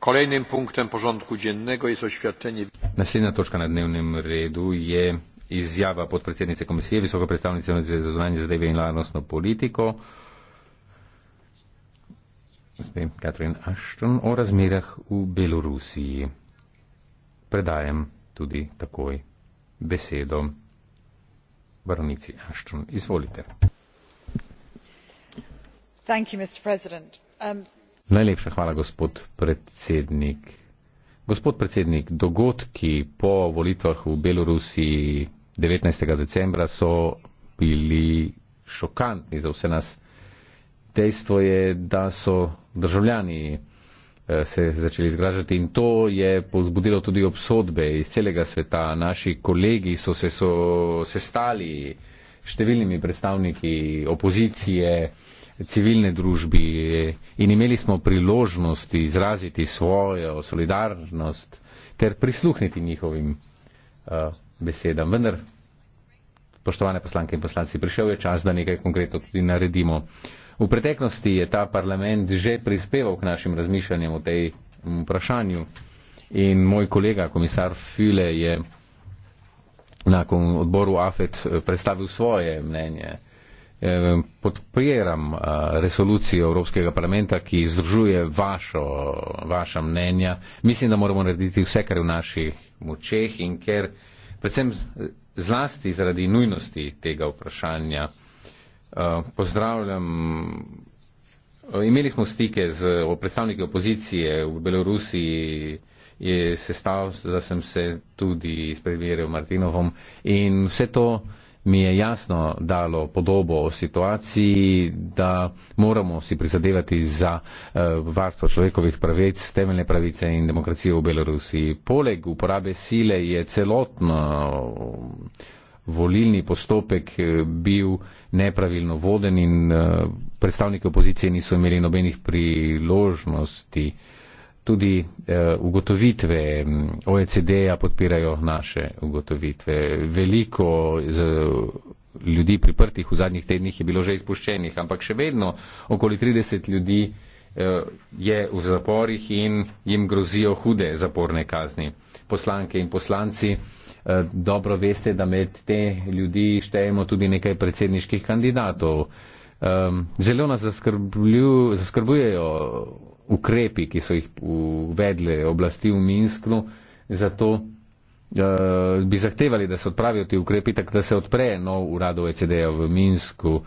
Kolejnym punktem porządku dziennego jest oświadczenie... Następna toczka na dnevnym redu jest izjawa podpredsjednicy komisji, wysoko predstavnicy zaznanie za devinlarnostno politiko, Katrin Ashton, o razmerah u Belorusiji. Predajem tudi takoj besedo Baronici Ashton. Izvolite. Thank you, Mr. President. Um, Najlepša hvala, gospod predsednik. Gospod predsednik, dogodki po volitvah v Belorusiji 19. decembra so bili šokantni za vse nas. Dejstvo je, da so državljani eh, se začeli zgražati in to je povzbudilo tudi obsodbe iz celega sveta. Naši kolegi so se so, sestali številnimi predstavniki opozicije, civilne družbi in imeli smo priložnosti izraziti svojo solidarnost ter prisluhniti njihovim uh, besedam. Vendar, poštovane poslanke in poslanci, prišel je čas, da nekaj konkretno tudi naredimo. V preteklosti je ta parlament že prispeval k našim razmišljanjem o tej mm, vprašanju in moj kolega, komisar File, je na odboru AFET eh, predstavil svoje mnenje. Ehm, podpiram resolucijo Evropskega parlamenta, ki združuje vašo, vaša mnenja. Mislim, da moramo narediti vse, kar je v naših močeh in ker predvsem zlasti zaradi nujnosti tega vprašanja pozdravljam. Imeli smo stike z predstavniki opozicije v Belorusiji, je sestav, da sem se tudi izpreverjal Martinovom in vse to mi je jasno dalo podobo o situaciji, da moramo si prizadevati za uh, varstvo človekovih pravic, temeljne pravice in demokracije v Belorusiji. Poleg uporabe sile je celotno eh, volilni postopek eh, bil nepravilno voden in uh, predstavniki opozicije niso imeli nobenih priložnosti uh, tudi eh, ugotovitve OECD-ja podpirajo naše ugotovitve. Veliko z, ljudi priprtih v zadnjih tednih je bilo že izpuščenih, ampak še vedno okoli 30 ljudi eh, je v zaporih in jim grozijo hude zaporne kazni. Poslanke in poslanci eh, dobro veste, da med te ljudi štejemo tudi nekaj predsedniških kandidatov. Um, zelo nas zaskrbljujejo ukrepi, ki so jih uvedle oblasti v Minsku, zato uh, bi zahtevali, da se odpravijo ti ukrepi, tako da se odpre nov urad OECD-ja v Minsku. Uh,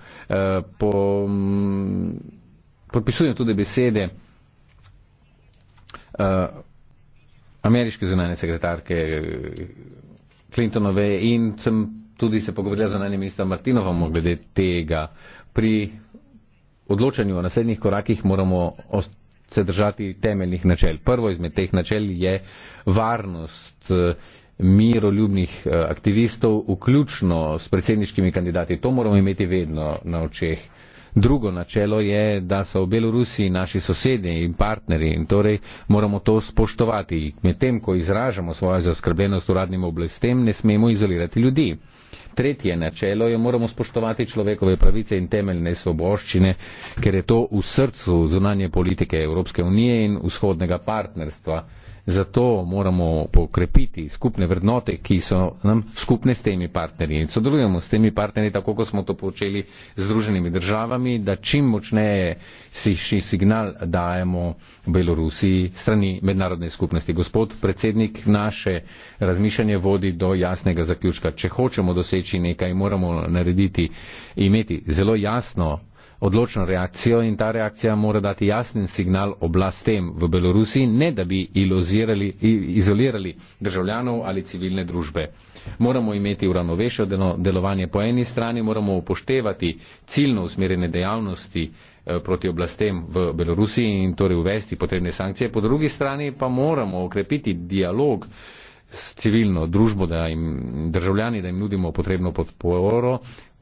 po, um, podpisujem tudi besede uh, ameriške zunanje sekretarke Clintonove in sem tudi se pogovorila z zunanjem ministrom Martinovom glede tega. Pri odločanju o naslednjih korakih moramo ostati se držati temeljnih načel. Prvo izmed teh načel je varnost eh, miroljubnih eh, aktivistov, vključno s predsedniškimi kandidati. To moramo imeti vedno na očeh. Drugo načelo je, da so v Belorusiji naši sosedje in partnerji in torej moramo to spoštovati. Medtem, ko izražamo svojo zaskrbljenost uradnim oblastem, ne smemo izolirati ljudi. Tretje načelo je, moramo spoštovati človekove pravice in temeljne svoboščine, ker je to v srcu zunanje politike Evropske unije in vzhodnega partnerstva. Zato moramo pokrepiti skupne vrednote, ki so nam skupne s temi partnerji. Sodelujemo s temi partnerji, tako kot smo to počeli z združenimi državami, da čim močneje si ši signal dajemo Belorusiji strani mednarodne skupnosti. Gospod predsednik, naše razmišljanje vodi do jasnega zaključka. Če hočemo doseči nekaj, moramo narediti, imeti zelo jasno odločno reakcijo in ta reakcija mora dati jasen signal oblastem v Belorusiji, ne da bi izolirali državljanov ali civilne družbe. Moramo imeti uravnovešeno delovanje po eni strani, moramo upoštevati ciljno usmerjene dejavnosti eh, proti oblastem v Belorusiji in torej uvesti potrebne sankcije, po drugi strani pa moramo okrepiti dialog s civilno družbo, da jim državljani, da jim nudimo potrebno podporo,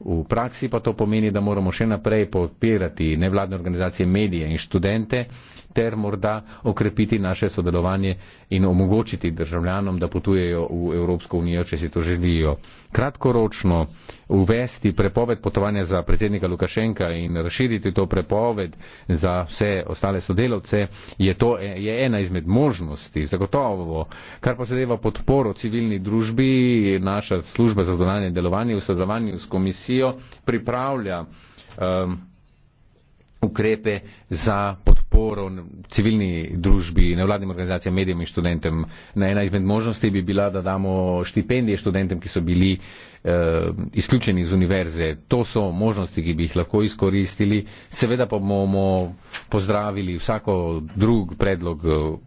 V praksi pa to pomeni, da moramo še naprej podpirati nevladne organizacije, medije in študente ter morda okrepiti naše sodelovanje in omogočiti državljanom, da potujejo v Evropsko unijo, če si to želijo. Kratkoročno uvesti prepoved potovanja za predsednika Lukašenka in razširiti to prepoved za vse ostale sodelovce je, to, e, je ena izmed možnosti, zagotovo. Kar pa zadeva podporo civilni družbi, naša služba za zadovoljanje delovanja v sodelovanju s komisijo pripravlja um, ukrepe za podporo civilni družbi, nevladnim organizacijam, medijem in študentem. Na ena izmed možnosti bi bila, da damo štipendije študentem, ki so bili eh, izključeni iz univerze. To so možnosti, ki bi jih lahko izkoristili. Seveda pa bomo pozdravili vsako drug predlog eh,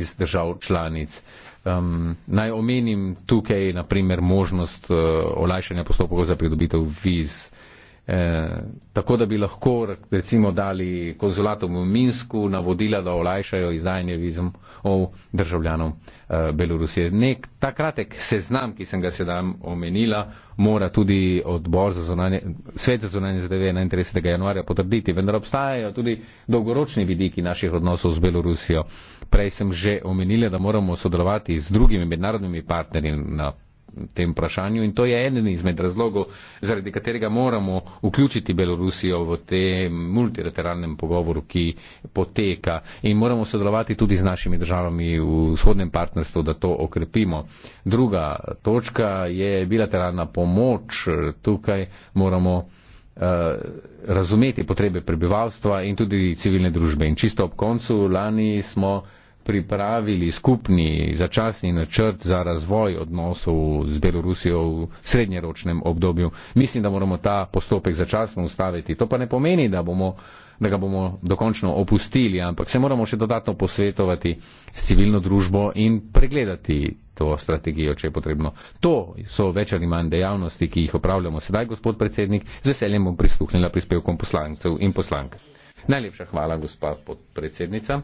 iz držav članic. Um, naj omenim tukaj naprimer možnost uh, olajšanja postopkov za pridobitev viz. Uh, Eh, tako da bi lahko recimo dali konzulatom v Minsku navodila, da olajšajo izdajanje vizumov državljanom eh, Belorusije. Nek ta kratek seznam, ki sem ga sedaj omenila, mora tudi odbor za zunanje, svet za zunanje zadeve 31. januarja potrditi, vendar obstajajo tudi dolgoročni vidiki naših odnosov z Belorusijo. Prej sem že omenila, da moramo sodelovati z drugimi mednarodnimi partnerji na tem vprašanju in to je eden izmed razlogov, zaradi katerega moramo vključiti Belorusijo v tem multilateralnem pogovoru, ki poteka in moramo sodelovati tudi z našimi državami v vzhodnem partnerstvu, da to okrepimo. Druga točka je bilateralna pomoč. Tukaj moramo uh, razumeti potrebe prebivalstva in tudi civilne družbe. In čisto ob koncu lani smo pripravili skupni začasni načrt za razvoj odnosov z Belorusijo v srednjeročnem obdobju. Mislim, da moramo ta postopek začasno ustaviti. To pa ne pomeni, da, bomo, da ga bomo dokončno opustili, ampak se moramo še dodatno posvetovati s civilno družbo in pregledati to strategijo, če je potrebno. To so več ali manj dejavnosti, ki jih opravljamo sedaj, gospod predsednik. Z veseljem bom prisluhnila prispevkom poslancev in poslank. Najlepša hvala, gospod podpredsednica.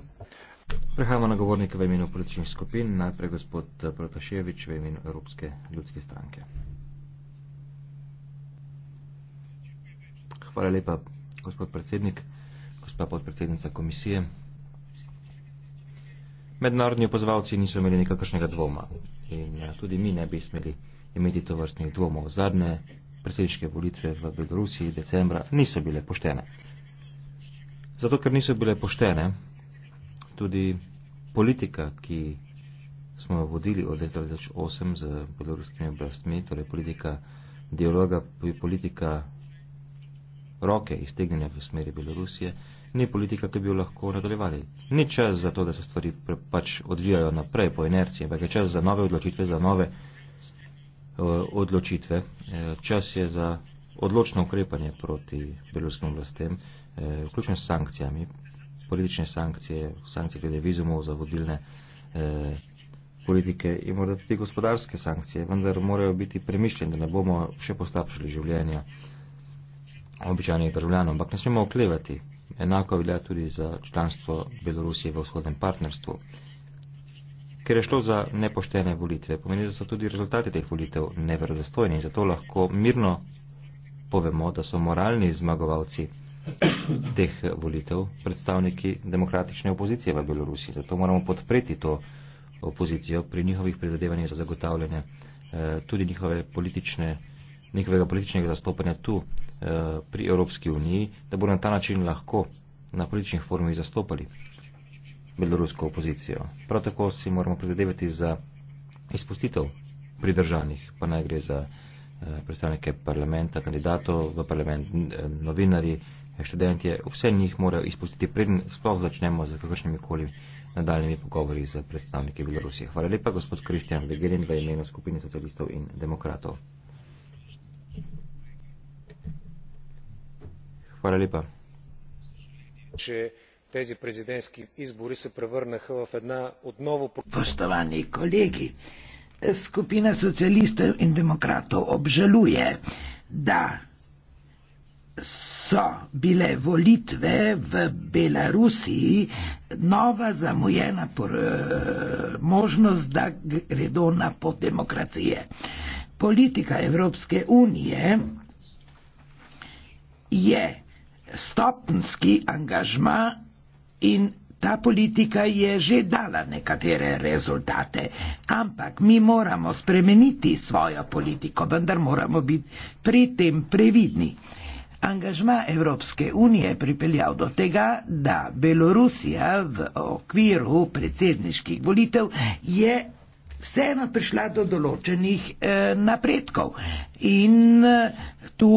Prehajamo na govornike v imenu političnih skupin, najprej gospod eh, Protaševič v imenu Evropske ljudske stranke. Hvala lepa, gospod predsednik, gospa podpredsednica komisije. Mednarodni opozovalci niso imeli nikakršnega dvoma in eh, tudi mi ne bi smeli imeti to vrstnih dvomov. Zadnje predsedniške volitve v Belorusiji decembra niso bile poštene. Zato, ker niso bile poštene, tudi politika, ki smo jo vodili od leta 2008 z belorskimi oblastmi, torej politika dialoga, politika roke iztegnjene v smeri Belorusije, ni politika, ki bi jo lahko nadaljevali. Ni čas za to, da se stvari pač odvijajo naprej po inerciji, ampak je čas za nove odločitve, za nove eh, odločitve. Eh, čas je za odločno ukrepanje proti beloruskim oblastem, eh, vključno s sankcijami, politične sankcije, sankcije glede vizumov za vodilne eh, politike in morda tudi gospodarske sankcije, vendar morajo biti premišljene, da ne bomo še postapšali življenja običajnih državljanov. Ampak ne smemo oklevati. Enako velja tudi za članstvo Belorusije v vzhodnem partnerstvu. Ker je šlo za nepoštene volitve, pomeni, da so tudi rezultati teh volitev neverodostojni in zato lahko mirno povemo, da so moralni zmagovalci teh volitev predstavniki demokratične opozicije v Belorusiji. Zato moramo podpreti to opozicijo pri njihovih prizadevanjih za zagotavljanje eh, tudi njihove politične, njihovega političnega zastopanja tu eh, pri Evropski uniji, da bodo na ta način lahko na političnih formih zastopali belorusko opozicijo. Prav tako si moramo prizadevati za izpustitev pridržanih, pa naj gre za eh, predstavnike parlamenta, kandidatov v parlament, novinari, študentje, vse njih morajo izpustiti, preden sploh začnemo z kakršnimi koli nadaljnimi pogovori z predstavniki Belorusije. Hvala lepa, gospod Kristjan Vegelin, v imenu skupine socialistov in demokratov. Hvala lepa. Če tezi prezidentski izbori se prevrnejo v ena odnovo. Poštovani kolegi, skupina socialistov in demokratov obžaluje, da so bile volitve v Belorusiji, nova zamujena por, eh, možnost, da gredo na pot demokracije. Politika Evropske unije je stopenski angažma in ta politika je že dala nekatere rezultate, ampak mi moramo spremeniti svojo politiko, vendar moramo biti pri tem previdni. Angažma Evropske unije pripeljal do tega, da Belorusija v okviru predsedniških volitev je vseeno prišla do določenih eh, napredkov in eh, tu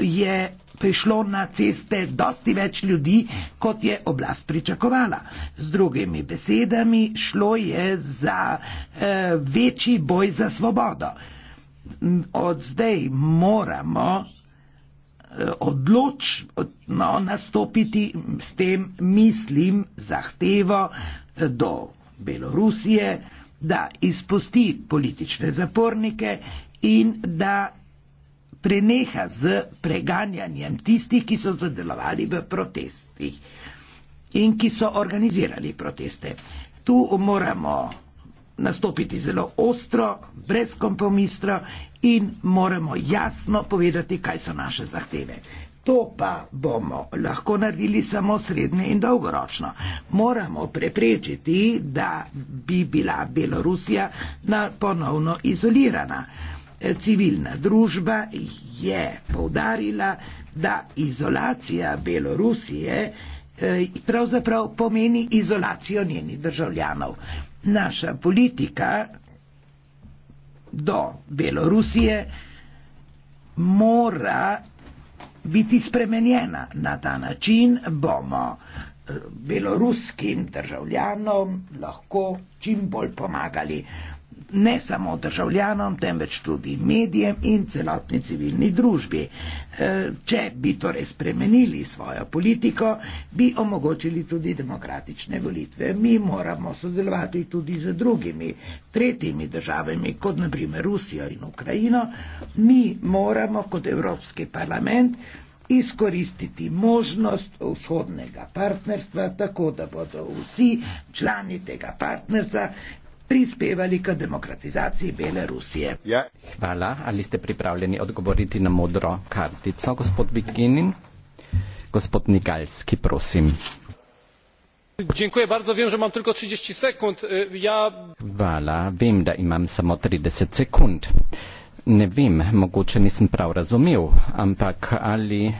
je prišlo na ceste dosti več ljudi, kot je oblast pričakovala. Z drugimi besedami, šlo je za eh, večji boj za svobodo. Od zdaj moramo odločno nastopiti s tem, mislim, zahtevo eh, do Belorusije, da izpusti politične zapornike in da preneha z preganjanjem tistih, ki so sodelovali v protestih in ki so organizirali proteste. Tu moramo nastopiti zelo ostro, brezkompromisno in moramo jasno povedati, kaj so naše zahteve. To pa bomo lahko naredili samo srednje in dolgoročno. Moramo preprečiti, da bi bila Belorusija ponovno izolirana. Civilna družba je povdarila, da izolacija Belorusije eh, pravzaprav pomeni izolacijo njenih državljanov. Naša politika do Belorusije mora biti spremenjena. Na ta način bomo eh, beloruskim državljanom lahko čim bolj pomagali. Ne samo državljanom, temveč tudi medijem in celotni civilni družbi. Eh, če bi torej spremenili svojo politiko, bi omogočili tudi demokratične volitve. Mi moramo sodelovati tudi z drugimi, tretjimi državami, kot naprimer Rusijo in Ukrajino. Mi moramo kot Evropski parlament izkoristiti možnost vzhodnega partnerstva, tako da bodo vsi člani tega partnerstva prispevali k demokratizaciji Belorusije. Ja. Hvala. Ali ste pripravljeni odgovoriti na modro kartico, gospod Vikinin? Gospod Nikalski, prosim. Ja- Hvala, vem, da imam samo 30 sekund. Ne vem, mogoče nisem prav razumel, ampak ali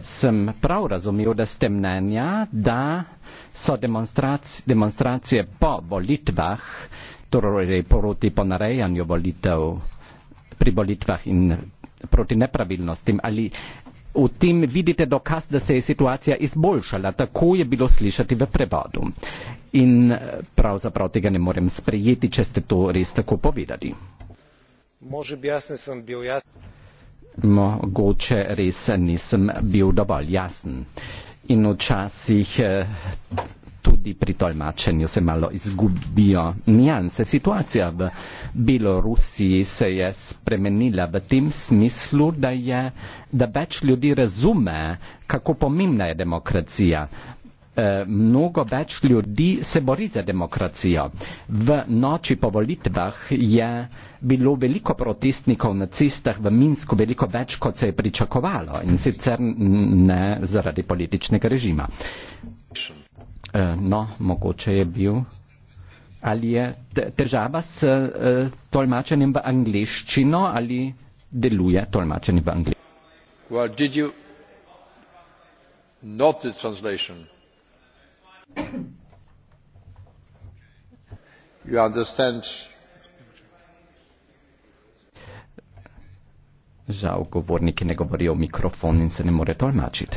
sem prav razumel, da ste mnenja, da so demonstracije po volitvah torej proti ponarejanju volitev pri volitvah in proti nepravilnostim ali v tem vidite dokaz, da se je situacija izboljšala, tako je bilo slišati v prevodu. In pravzaprav tega ne morem sprejeti, če ste to res tako povedali. Može bi jasne sem bil jasen. Mogoče res nisem bil dovolj jasen. In včasih eh, tudi pri tolmačenju se malo izgubijo nijanse. Situacija v Belorusiji se je spremenila v tem smislu, da, je, da več ljudi razume, kako pomembna je demokracija. E, mnogo več ljudi se bori za demokracijo. V noči po volitvah je bilo veliko protestnikov na cestah v Minsku, veliko več, kot se je pričakovalo in sicer ne zaradi političnega režima. Eh, no, mogoče je bil. Ali je težava s eh, tolmačenjem v angliščino ali deluje tolmačenje v angliščino? Well, Žal govorniki ne govorijo v mikrofon in se ne more tolmačiti.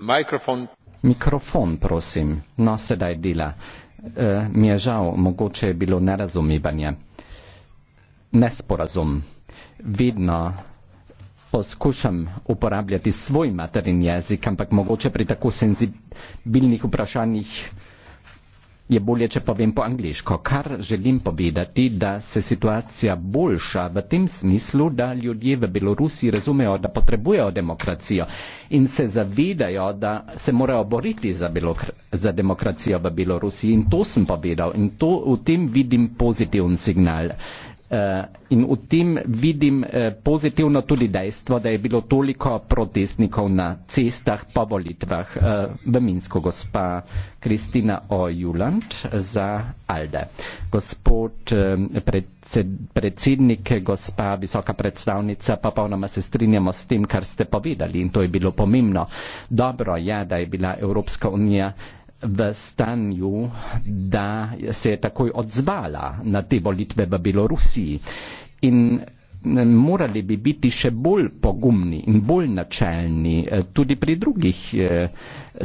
Mikrofon. Mikrofon, prosim. No, sedaj dela. E, mi je žal, mogoče je bilo nerazumivanje. Nesporazum. Vedno poskušam uporabljati svoj materin jezik, ampak mogoče pri tako senzibilnih vprašanjih je bolje, če povem po angliško. Kar želim povedati, da se situacija boljša v tem smislu, da ljudje v Belorusiji razumejo, da potrebujejo demokracijo in se zavedajo, da se morajo boriti za, Belok za demokracijo v Belorusiji. In to sem povedal in to v tem vidim pozitiven signal. Eh, in v tem vidim eh, pozitivno tudi dejstvo, da je bilo toliko protestnikov na cestah po volitvah eh, v Minsku. Gospa Kristina Ojuland za Alde. Gospod predsednik, gospa visoka predstavnica, pa polnoma se strinjamo s tem, kar ste povedali in to je bilo pomembno. Dobro je, da je bila Evropska unija v stanju, da se je takoj odzvala na te volitve v Belorusiji. In morali bi biti še bolj pogumni in bolj načelni eh, tudi pri drugih eh,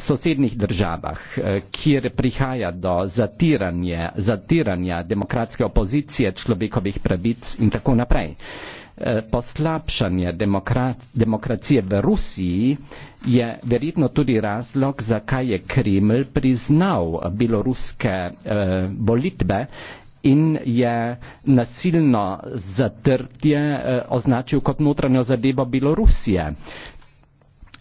sosednjih državah, eh, kjer prihaja do zatiranja, zatiranja demokratske opozicije, človekovih pravic in tako naprej. Eh, poslabšanje demokracije v Rusiji je verjetno tudi razlog, zakaj je Kreml priznal beloruske eh, volitve in je nasilno zatrtje eh, označil kot notranjo zadevo Belorusije.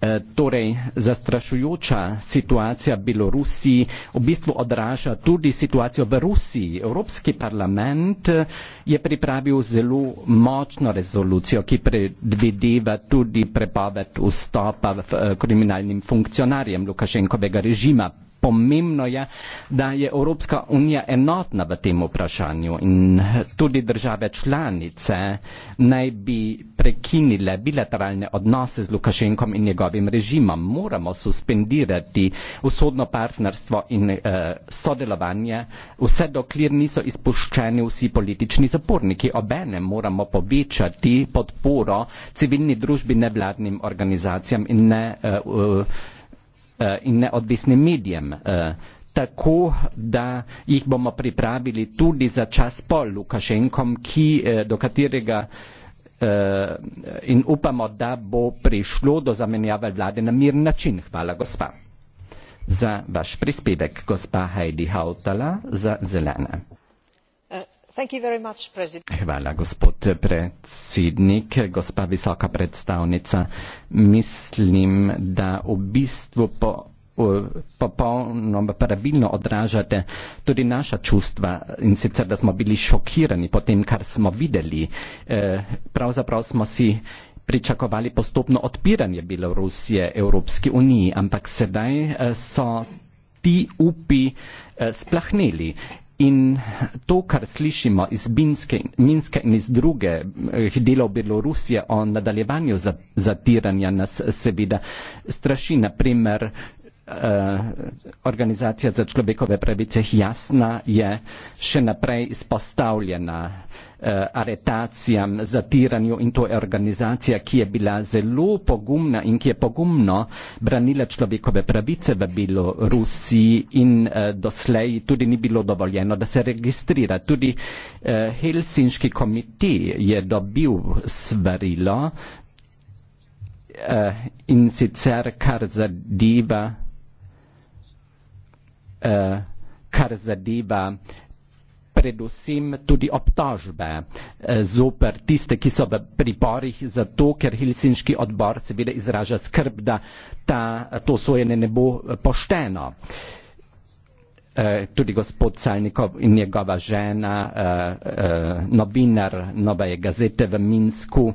Eh, torej zastrašujoča situacija v Belorusiji v bistvu odraža tudi situacijo v Rusiji. Evropski parlament eh, je pripravil zelo močno rezolucijo, ki predvideva tudi prepoved vstopa v eh, kriminalnim funkcionarjem Lukašenkovega režima pomembno je, da je Evropska unija enotna v tem vprašanju in tudi države članice naj bi prekinile bilateralne odnose z Lukašenkom in njegovim režimom. Moramo suspendirati usodno partnerstvo in eh, sodelovanje, vse dokler niso izpuščeni vsi politični zaporniki. Obenem moramo povečati podporo civilni družbi nevladnim organizacijam in ne eh, Eh, in neodvisnim medijem, eh, tako da jih bomo pripravili tudi za čas po Lukašenkom, ki, eh, do katerega in upamo, da bo prišlo do zamenjave vlade na mir način. Hvala, gospa. Za vaš prispevek, gospa Heidi Hautala, za zelene. Hvala, gospod predsednik, gospa visoka predstavnica. Mislim, da v bistvu po, popolno pravilno odražate tudi naša čustva in sicer, da smo bili šokirani po tem, kar smo videli. Eh, pravzaprav smo si pričakovali postopno odpiranje Belorusije Evropski uniji, ampak sedaj eh, so ti upi eh, splahneli. In to, kar slišimo iz Binske, Minske in iz drugih eh, delov Belorusije o nadaljevanju zatiranja nas seveda straši. Naprimer, Eh, organizacija za človekove pravice jasna je še naprej izpostavljena uh, aretacijam, zatiranju in to je organizacija, ki je bila zelo pogumna in ki je pogumno branila človekove pravice v Belorusiji in uh, doslej tudi ni bilo dovoljeno, da se registrira. Tudi uh, Helsinški komitej je dobil svarilo uh, in sicer kar zadeva Eh, kar zadeva predvsem tudi obtožbe eh, zoper tiste, ki so v priporih, zato ker Helsinški odbor seveda izraža skrb, da ta, to sojenje ne bo pošteno. Eh, tudi gospod Calnikov in njegova žena, novinar Nove gazete v Minsku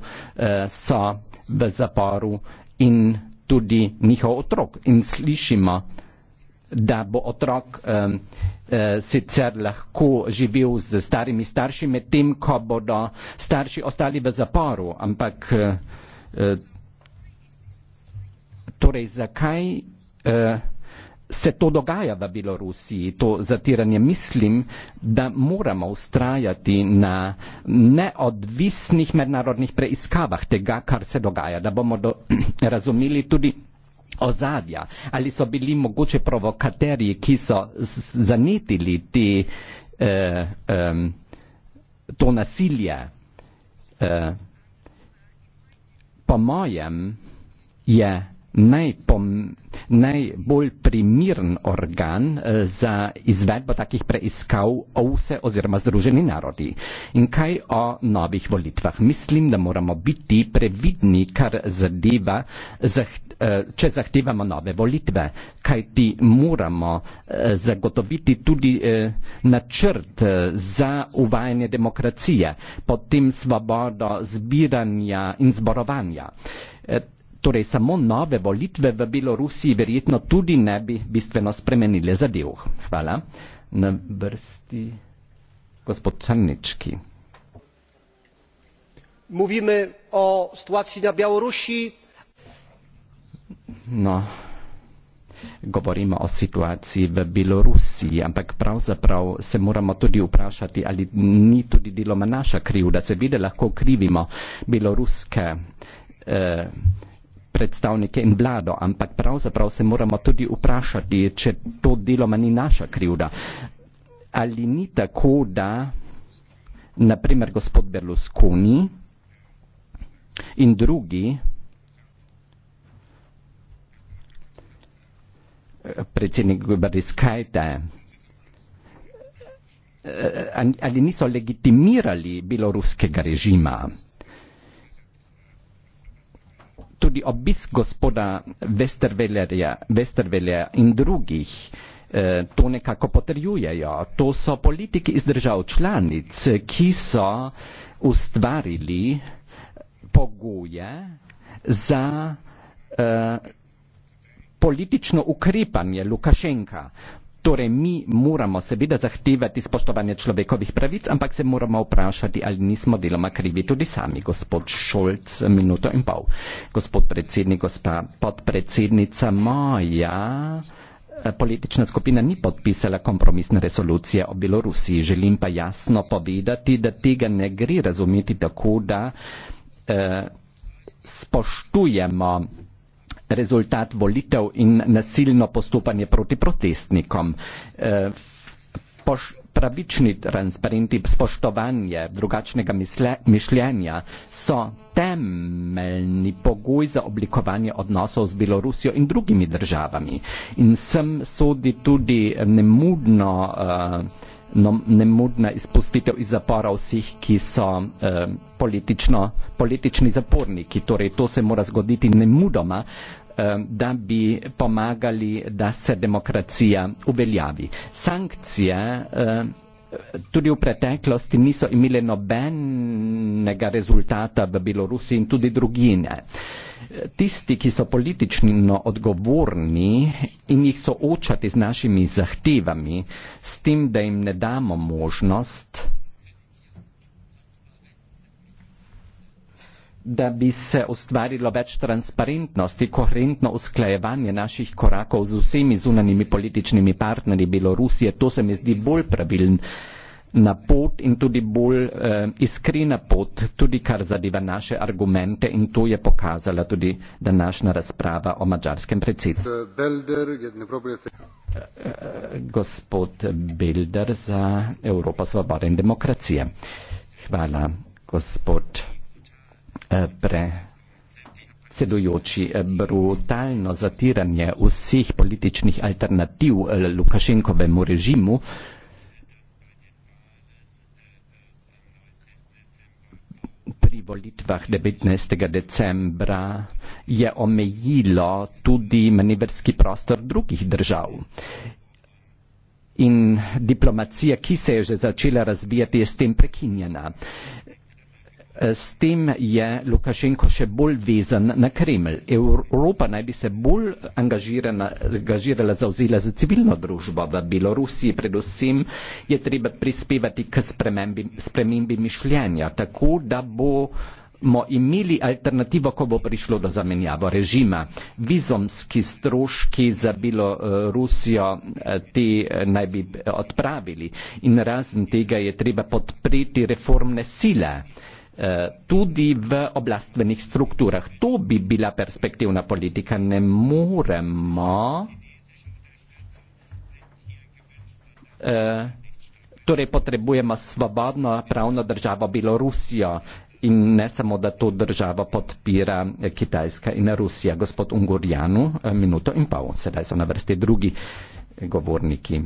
so v zaporu in tudi njihov otrok. In slišimo, da bo otrok um, sicer lahko živel z starimi starši, medtem ko bodo starši ostali v zaporu. Ampak eh, eh, torej zakaj se to dogaja v Belorusiji, to zatiranje? Mislim, da moramo ustrajati na neodvisnih mednarodnih preiskavah tega, kar se dogaja, da bomo do, razumeli tudi ozadja, ali so bili mogoče provokaterji, ki so zanetili te, eh, eh, to nasilje. Eh, po mojem je. Yeah najpom, najbolj primiren organ eh, za izvedbo takih preiskav OVSE oziroma Združeni narodi. In kaj o novih volitvah? Mislim, da moramo biti previdni, kar zadeva, eh, če zahtevamo nove volitve, kaj ti moramo eh, zagotoviti tudi načrt za uvajanje demokracije, potem svobodo zbiranja in zborovanja torej samo nove volitve v Belorusiji verjetno tudi ne bi bistveno spremenile zadev. Hvala. Na vrsti gospod Črnički. Mluvimo o situaciji na Belorusiji. No, govorimo o situaciji v Belorusiji, ampak pravzaprav se moramo tudi vprašati, ali ni tudi deloma naša krivda. Seveda lahko krivimo beloruske eh, predstavnike in vlado, ampak pravzaprav se moramo tudi vprašati, če to deloma ni naša krivda. Ali ni tako, da naprimer gospod Berlusconi in drugi eh, predsednik Gubariskajte, eh, ali niso legitimirali beloruskega režima? tudi obisk gospoda Westerwellerja, Westerwellerja in drugih eh, to nekako potrjujejo. To so politiki iz držav članic, ki so ustvarili pogoje za uh, politično ukrepanje Lukašenka. Torej, mi moramo seveda zahtevati spoštovanje človekovih pravic, ampak se moramo vprašati, ali nismo deloma krivi tudi sami. Gospod Šolc, minuto in pol. Gospod predsednik, gospa podpredsednica moja. Eh, politična skupina ni podpisala kompromisne resolucije o Belorusiji. Želim pa jasno povedati, da tega ne gre razumeti tako, da eh, spoštujemo rezultat volitev in nasilno postopanje proti protestnikom. Eh, poš pravični transparenti, spoštovanje drugačnega mišljenja so temeljni pogoj za oblikovanje odnosov z Belorusijo in drugimi državami. In sem sodi tudi nemudno, uh, no, nemudna izpustitev iz zapora vseh, ki so uh, politično, politični zaporniki. Torej, to se mora zgoditi nemudoma, uh, Eh, da bi pomagali, da se demokracija uveljavi. Sankcije eh, tudi v preteklosti niso imele nobenega rezultata v Belorusiji in tudi drugine. Tisti, ki so politično odgovorni in jih soočati z našimi zahtevami, s tem, da jim ne damo možnost, da bi se ustvarilo več transparentnosti, koherentno usklajevanje naših korakov z vsemi zunanimi političnimi partnerji Belorusije, to se mi zdi bolj pravilen na pot in tudi bolj eh, iskrena pot, tudi kar zadeva naše argumente in to je pokazala tudi današnja razprava o mačarskem predsedstvu. Eh, eh, gospod Bilder za Evropo svobode in demokracije. Hvala, gospod pre sedujoči eh, brutalno zatiranje vseh političnih alternativ eh, Lukašenkovemu režimu pri volitvah 19. decembra je omejilo tudi manevrski prostor drugih držav. In diplomacija, ki se je že začela razvijati, je s tem prekinjena. S tem je Lukašenko še bolj vezan na Kremelj. Evropa naj bi se bolj angažirala, zauzela za civilno družbo v Belorusiji. Predvsem je treba prispevati k spremembi, spremembi mišljenja, tako da bomo imeli alternativo, ko bo prišlo do zamenjavo režima. Vizomski stroški za Belorusijo eh, te eh, naj bi odpravili in razen tega je treba podpreti reformne sile Eh, tudi v oblastvenih strukturah. To bi bila perspektivna politika. Ne moremo. Eh, torej, potrebujemo svobodno pravno državo Belorusijo in ne samo, da to državo podpira eh, Kitajska in Rusija. Gospod Ungurjanu, minuto in pol, sedaj so na vrsti drugi govorniki.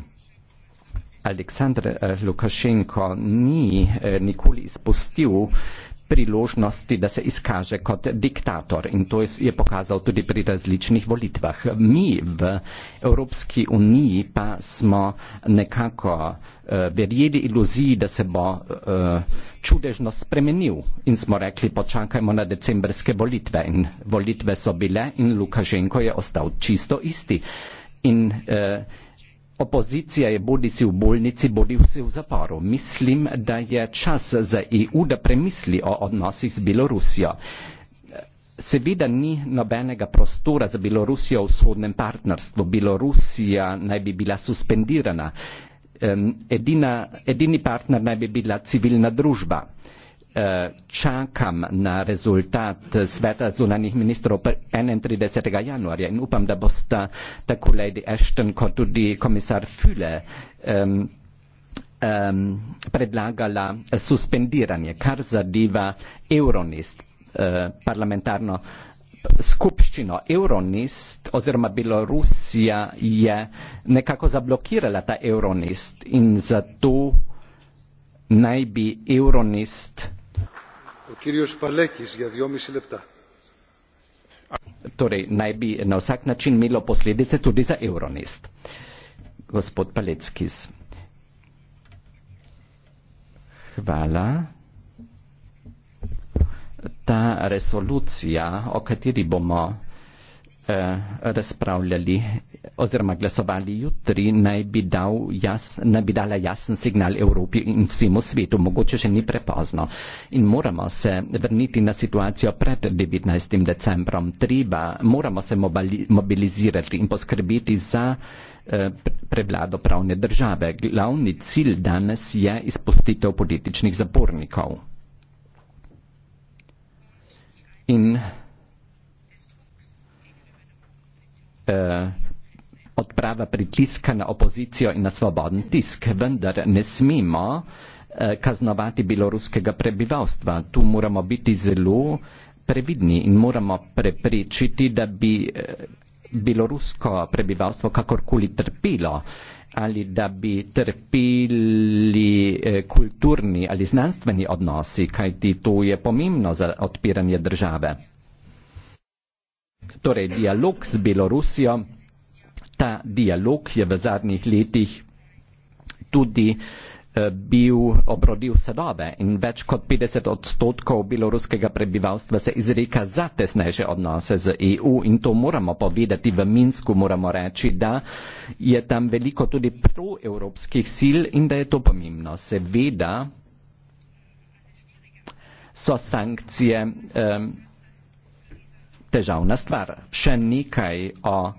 Aleksandr eh, Lukašenko ni eh, nikoli izpustil priložnosti, da se izkaže kot diktator in to je pokazal tudi pri različnih volitvah. Mi v Evropski uniji pa smo nekako uh, verjeli iluziji, da se bo uh, čudežno spremenil in smo rekli, počakajmo na decembrske volitve in volitve so bile in Lukašenko je ostal čisto isti. In, uh, Opozicija je bodi si v bolnici, bodi si v zaporu. Mislim, da je čas za EU, da premisli o odnosih z Belorusijo. Seveda ni nobenega prostora za Belorusijo v vzhodnem partnerstvu. Belorusija naj bi bila suspendirana. Edina, edini partner naj bi bila civilna družba. Eh, čakam na rezultat sveta zunanih ministrov 31. januarja in upam, da boste tako Lady Ashton kot tudi komisar Füle um, um, predlagala suspendiranje, kar zadeva Euronist, uh, eh, parlamentarno skupščino. Euronist oziroma Belorusija je nekako zablokirala ta Euronist in zato naj bi Euronist Torej, naj bi na vsak način imelo posledice tudi za Euronest. Gospod Paleckis. Hvala. Ta resolucija, o kateri bomo Eh, razpravljali oziroma glasovali jutri, naj bi, dal jas, naj bi dala jasen signal Evropi in vsemu svetu. Mogoče še ni prepozno. In moramo se vrniti na situacijo pred 19. decembrom. Treba, moramo se mobilizirati in poskrbeti za eh, prevlado pravne države. Glavni cilj danes je izpustitev političnih zapornikov. In Eh, odprava pritiska na opozicijo in na svoboden tisk, vendar ne smemo eh, kaznovati beloruskega prebivalstva. Tu moramo biti zelo previdni in moramo preprečiti, da bi eh, belorusko prebivalstvo kakorkoli trpelo ali da bi trpeli kulturni ali znanstveni odnosi, kajti to je pomembno za odpiranje države. Torej, dialog z Belorusijo, ta dialog je v zadnjih letih tudi eh, bil obrodil sadove in več kot 50 odstotkov beloruskega prebivalstva se izreka za tesnejše odnose z EU in to moramo povedati v Minsku, moramo reči, da je tam veliko tudi proevropskih sil in da je to pomembno. Seveda so sankcije eh, težavna stvar. Še nekaj o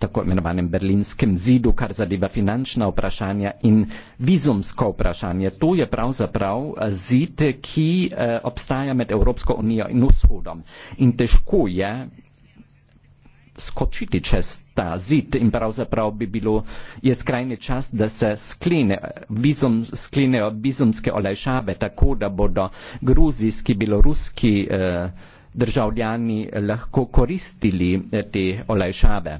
tako imenovanem berlinskem zidu, kar zadeva finančna vprašanja in vizumsko vprašanje. To je pravzaprav eh, zid, ki eh, obstaja med Evropsko unijo in vzhodom. In težko je skočiti čez ta zid in pravzaprav bi bilo, je skrajni čas, da se sklene, vizum, sklenejo vizumske olajšave tako, da bodo gruzijski, beloruski eh, državljani lahko koristili eh, te olajšave.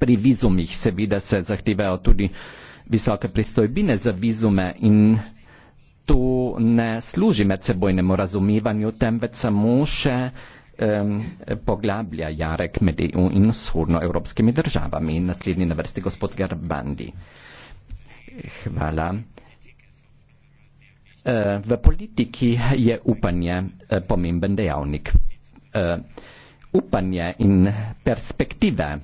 Pri vizumih seveda se zahtevajo tudi visoke pristojbine za vizume in to ne služi medsebojnemu razumevanju, temveč samo še um, poglablja jarek med EU in vzhodnoevropskimi državami. Naslednji na vrsti gospod Garbandi. Hvala. Eh, v politiki je upanje eh, pomemben dejavnik. Eh, upanje in perspektive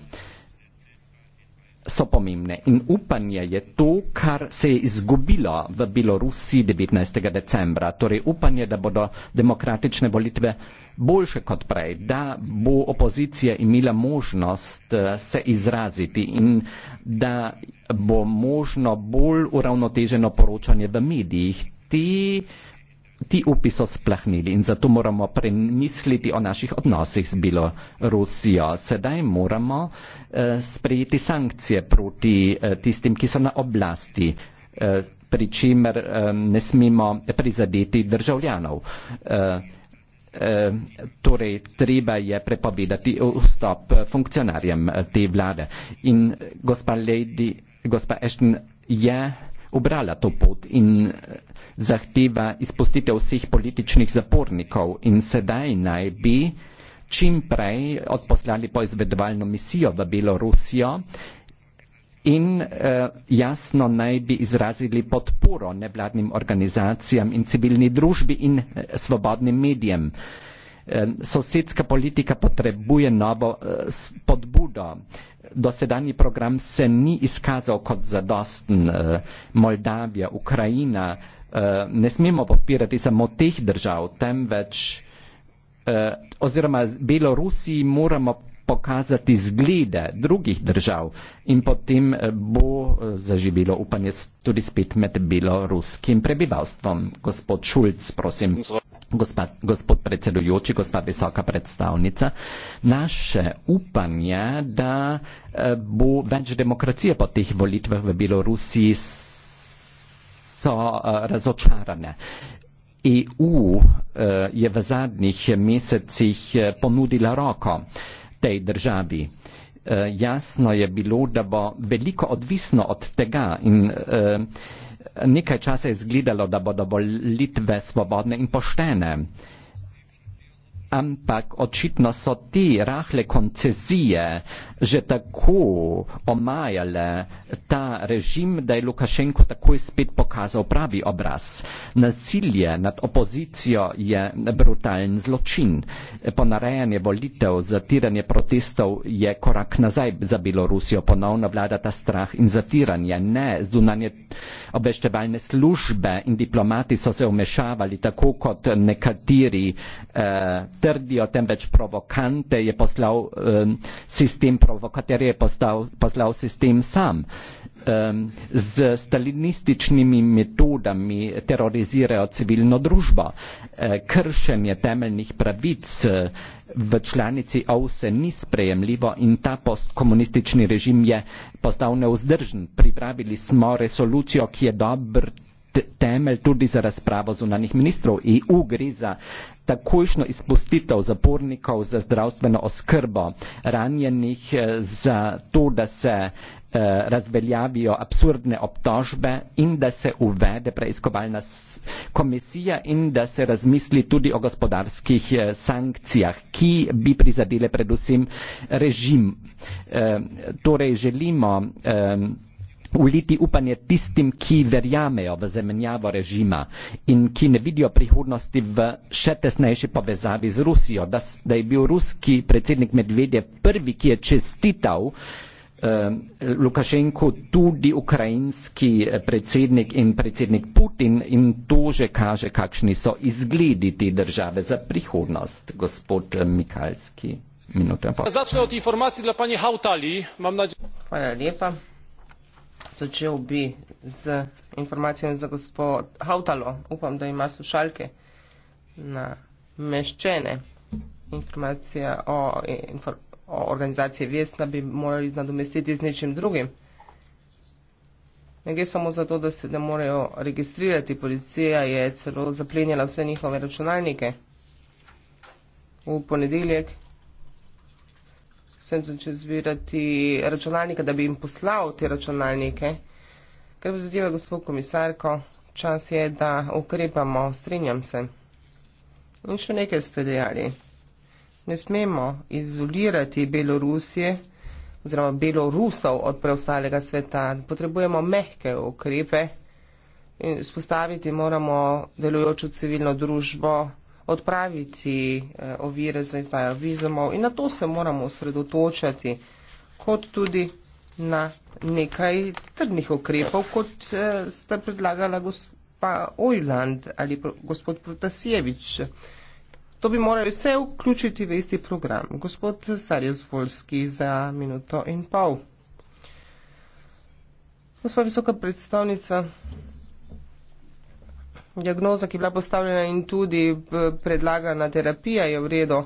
so pomembne in upanje je to, kar se je izgubilo v Belorusiji 19. decembra. Torej upanje, da bodo demokratične volitve boljše kot prej, da bo opozicija imela možnost se izraziti in da bo možno bolj uravnoteženo poročanje v medijih ti, ti upi so splahnili in zato moramo premisliti o naših odnosih z Belorusijo. Sedaj moramo eh, sprejeti sankcije proti eh, tistim, ki so na oblasti. Eh, pri čimer eh, ne smemo prizadeti državljanov. Eh, eh, torej, treba je prepovedati vstop funkcionarjem te vlade. In gospa Lady, gospa Ešten, je. Ja, ubrala to pot in eh, zahteva izpustitev vseh političnih zapornikov in sedaj naj bi čim prej odposlali poizvedovalno misijo v Belorusijo in eh, jasno naj bi izrazili podporo nevladnim organizacijam in civilni družbi in eh, svobodnim medijem. Eh, sosedska politika potrebuje novo eh, spodbudo. Eh, dosedanji program se ni izkazal kot zadosten. Eh, Moldavija, Ukrajina, eh, ne smemo podpirati samo teh držav, temveč eh, oziroma Belorusiji moramo pokazati zglede drugih držav in potem eh, bo eh, zaživilo upanje tudi spet med beloruskim prebivalstvom. Gospod Šulc, prosim. Gospa, gospod predsedujoči, gospa visoka predstavnica, naše upanje, da eh, bo več demokracije po teh volitvah v Belorusiji, so razočarane. EU je v zadnjih mesecih ponudila roko tej državi. Eh, jasno je bilo, da bo veliko odvisno od tega in eh, nekaj časa je izgledalo, da bodo volitve svobodne in poštene ampak očitno so ti rahle koncezije že tako omajale ta režim, da je Lukašenko takoj spet pokazal pravi obraz. Nasilje nad opozicijo je brutalen zločin. Ponarejanje volitev, zatiranje protestov je korak nazaj za Belorusijo. Ponovno vlada ta strah in zatiranje. Ne, zunanje obveščevalne službe in diplomati so se umešavali tako kot nekateri eh, sterdio tempec provocante je poslal um, sistem provokaterje je postal, poslal sistem sam. Um, z stalinističnimi metodami terorizirajo civilno družbo. E, kršenje temeljnih pravic e, v članici OUSE ni sprejemljivo in ta postkomunistični režim je postal neuzdržen. Pripravili smo resolucijo, ki je dober temelj tudi za razpravo zunanih ministrov. EU gre za uh, takojšno izpustitev zapornikov za zdravstveno oskrbo, ranjenih eh, za to, da se eh, razveljavijo absurdne obtožbe in da se uvede preiskovalna komisija in da se razmisli tudi o gospodarskih eh, sankcijah, ki bi prizadele predvsem režim. Torej želimo uliti upanje tistim, ki verjamejo v zamenjavo režima in ki ne vidijo prihodnosti v še tesnejši povezavi z Rusijo. Da, da je bil ruski predsednik Medvedev prvi, ki je čestital eh, Lukašenko, tudi ukrajinski eh, predsednik in predsednik Putin in to že kaže, kakšni so izgledi te države za prihodnost, gospod eh, Mikalski. Začne od informacij, da pa ni hautali. Hvala lepa začel bi z informacijami za gospod Hautalo. Upam, da ima slušalke na meščene. Informacija o, infor, o organizaciji Vesna bi morali nadomestiti z nečim drugim. Ne gre samo za to, da se ne morejo registrirati. Policija je celo zaplenjala vse njihove računalnike. V ponedeljek sem začel zbirati računalnike, da bi jim poslal te računalnike. Kar bi zadeva, gospod komisarko, čas je, da ukrepamo, strinjam se. In še nekaj ste dejali. Ne smemo izolirati Belorusije oziroma Belorusov od preostalega sveta. Potrebujemo mehke ukrepe in spostaviti moramo delujočo civilno družbo odpraviti eh, ovire za izdajo vizumov in na to se moramo osredotočati, kot tudi na nekaj trdnih ukrepov, kot eh, sta predlagala gospa Ojland ali gospod Protasjevič. To bi morali vse vključiti v isti program. Gospod Sarjez Volski za minuto in pol. Gospa visoka predstavnica, diagnoza, ki je bila postavljena in tudi eh, predlagana terapija je v redu.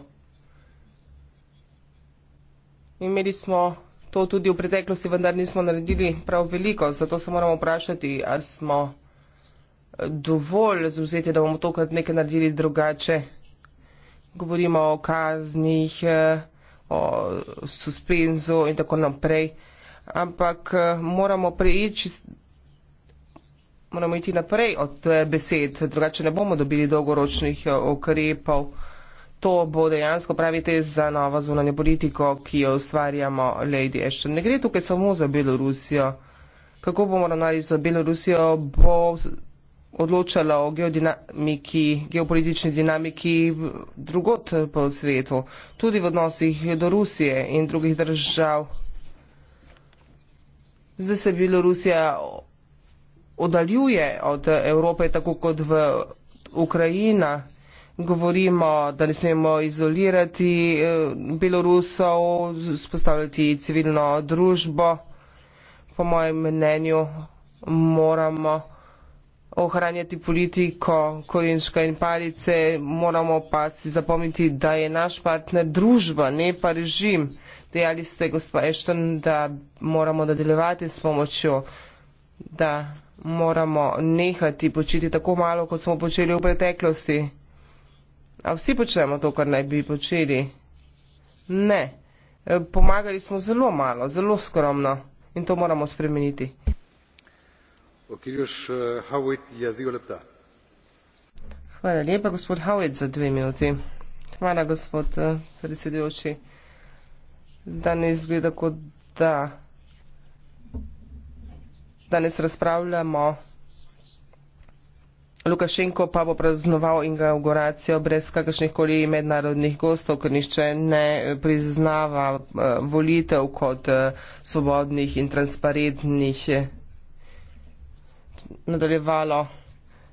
Imeli smo to tudi v preteklosti, vendar nismo naredili prav veliko, zato se moramo vprašati, ali smo eh, dovolj zauzeti, da bomo tokrat nekaj naredili drugače. Govorimo o kaznih, eh, o suspenzu in tako naprej. Ampak moramo preiči moramo iti naprej od besed, drugače ne bomo dobili dolgoročnih eh, ukrepov. To bo dejansko, pravite, za novo zunanje politiko, ki jo ustvarjamo, Lady Ashton. Ne gre tukaj samo za Belorusijo. Kako bomo ravnali za Belorusijo, bo odločalo o geodinamiki, geopolitični dinamiki drugot po svetu, tudi v odnosih do Rusije in drugih držav. Zdaj se Belorusija oddaljuje od Evrope, tako kot v Ukrajina. Govorimo, da ne smemo izolirati eh, Belorusov, spostavljati civilno družbo. Po mojem mnenju moramo ohranjati politiko Korinčka in palice, moramo pa si zapomniti, da je naš partner družba, ne pa režim. Dejali ste, gospod Ešton, da moramo nadaljevati s pomočjo, da moramo nehati početi tako malo, kot smo počeli v preteklosti. A vsi počnemo to, kar naj bi počeli? Ne. E, pomagali smo zelo malo, zelo skromno in to moramo spremeniti. E, Hvala lepa, gospod Howitt, za dve minuti. Hvala, gospod e, predsedujoči. Danes izgleda, kot da danes razpravljamo. Lukašenko pa bo praznoval inauguracijo brez kakršnih koli mednarodnih gostov, ker nišče ne priznava eh, volitev kot eh, svobodnih in transparentnih. Nadaljevalo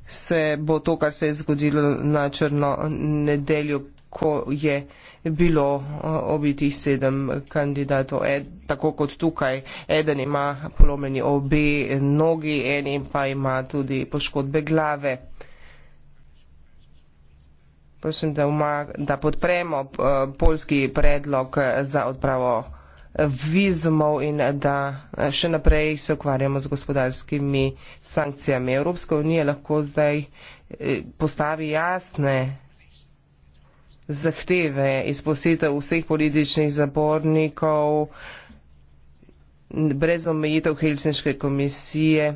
se bo to, kar se je zgodilo na črno nedeljo, ko je bilo eh, obitih sedem kandidatov, Ed, tako kot tukaj. Eden ima polomeni obe nogi, eni pa ima tudi poškodbe glave. Prosim, da, uma, da podpremo eh, polski predlog eh, za odpravo vizumov in da še naprej se ukvarjamo z gospodarskimi sankcijami. Evropska unija lahko zdaj postavi jasne zahteve izposetev vseh političnih zapornikov brez omejitev Helsinške komisije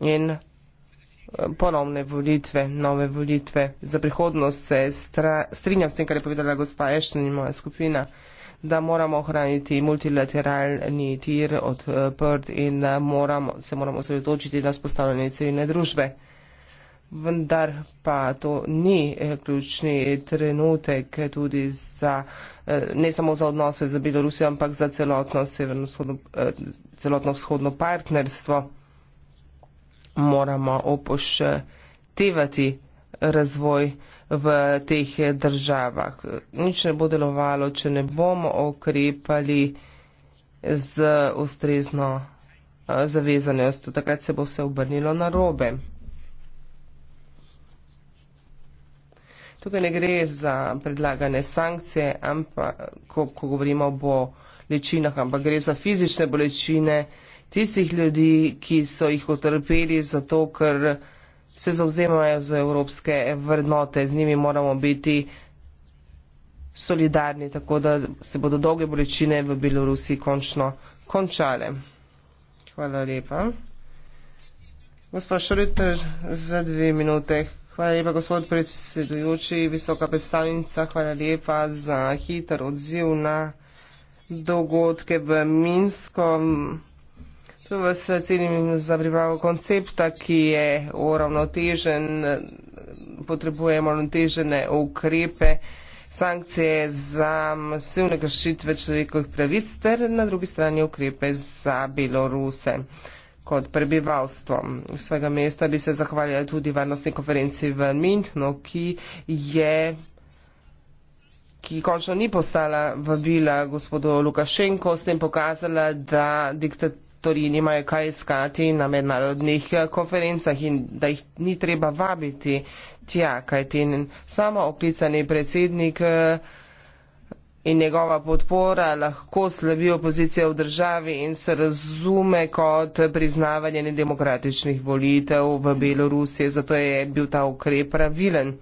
in eh, ponovne volitve, nove volitve. Za prihodnost se strinjam s tem, kar je povedala gospa Ešten in moja skupina, da moramo ohraniti multilateralni tir odprt in moramo, se moramo sredotočiti na spostavljanje civilne družbe vendar pa to ni eh, ključni trenutek tudi za, eh, ne samo za odnose z Belorusijo, ampak za celotno, -vzhodno, eh, celotno vzhodno partnerstvo. Moramo opoštevati razvoj v teh državah. Nič ne bo delovalo, če ne bomo okrepali z ustrezno zavezanostjo. Takrat se bo vse obrnilo na robe. Tukaj ne gre za predlagane sankcije, ampak ko, ko govorimo o bolečinah, ampak gre za fizične bolečine tistih ljudi, ki so jih utrpeli zato, ker se zauzemajo za evropske vrednote, z njimi moramo biti solidarni, tako da se bodo dolge bolečine v Belorusiji končno končale. Hvala lepa. Gospod Šoriter, za dve minute Hvala lepa, gospod predsedujoči, visoka predstavnica. Hvala lepa za hiter odziv na dogodke v Minsko. Tu vas cenim za pripravo koncepta, ki je uravnotežen, potrebujemo uravnotežene ukrepe, sankcije za masivne kršitve človekovih pravic ter na drugi strani ukrepe za Belorose kot prebivalstvo. Svega mesta bi se zahvaljala tudi varnostni konferenci v Münchnu, ki je ki končno ni postala vabila gospodu Lukašenko, s tem pokazala, da diktatorji nimajo kaj iskati na mednarodnih konferencah in da jih ni treba vabiti tja, kajti samo oklicani predsednik. Eh, in njegova podpora lahko slabi opozicijo v državi in se razume kot priznavanje nedemokratičnih volitev v Belorusiji. Zato je bil ta ukrep pravilen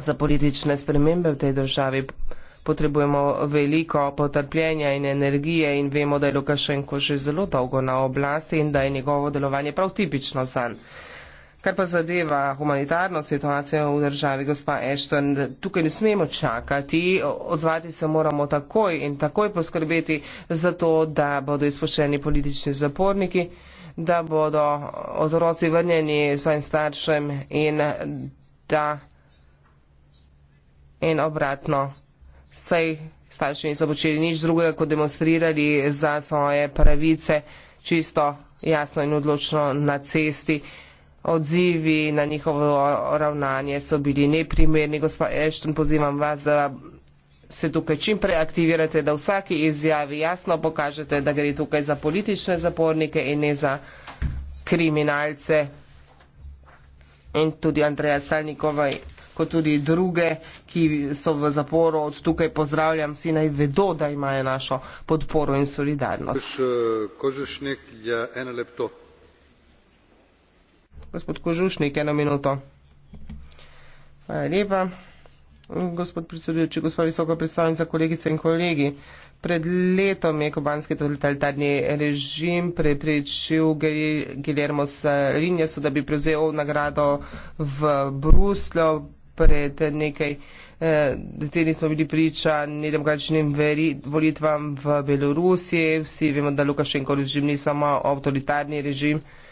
za politične spremembe v tej državi. Potrebujemo veliko potrpljenja in energije in vemo, da je Lukašenko že zelo dolgo na oblasti in da je njegovo delovanje prav tipično zanj. Kar pa zadeva humanitarno situacijo v državi, gospa Ešton, tukaj ne smemo čakati, odzvati se moramo takoj in takoj poskrbeti za to, da bodo izpuščeni politični zaporniki, da bodo otroci vrnjeni svojim staršem in da in obratno. Saj starši niso počeli nič drugega, kot demonstrirali za svoje pravice čisto jasno in odločno na cesti odzivi na njihovo ravnanje so bili neprimerni. Gospa Ešton, pozivam vas, da se tukaj čim prej aktivirate, da vsaki izjavi jasno pokažete, da gre tukaj za politične zapornike in ne za kriminalce. In tudi Andreja Salnikova, kot tudi druge, ki so v zaporu, od tukaj pozdravljam, vsi naj vedo, da imajo našo podporo in solidarnost. Kožešnik je ja, ena lepota. Gospod Kožušnik, eno minuto. Hvala lepa. Gospod predsedujoči, gospa visoka predstavnica, kolegice in kolegi. Pred letom je kubanski totalitarni režim prepričil Guillermo Salinaso, da bi prevzel nagrado v Bruslju. Pred nekaj eh, tedni smo bili priča nedemokratičnim volitvam v Belorusiji. Vsi vemo, da Lukašenko režim ni samo avtoritarni režim. Eh,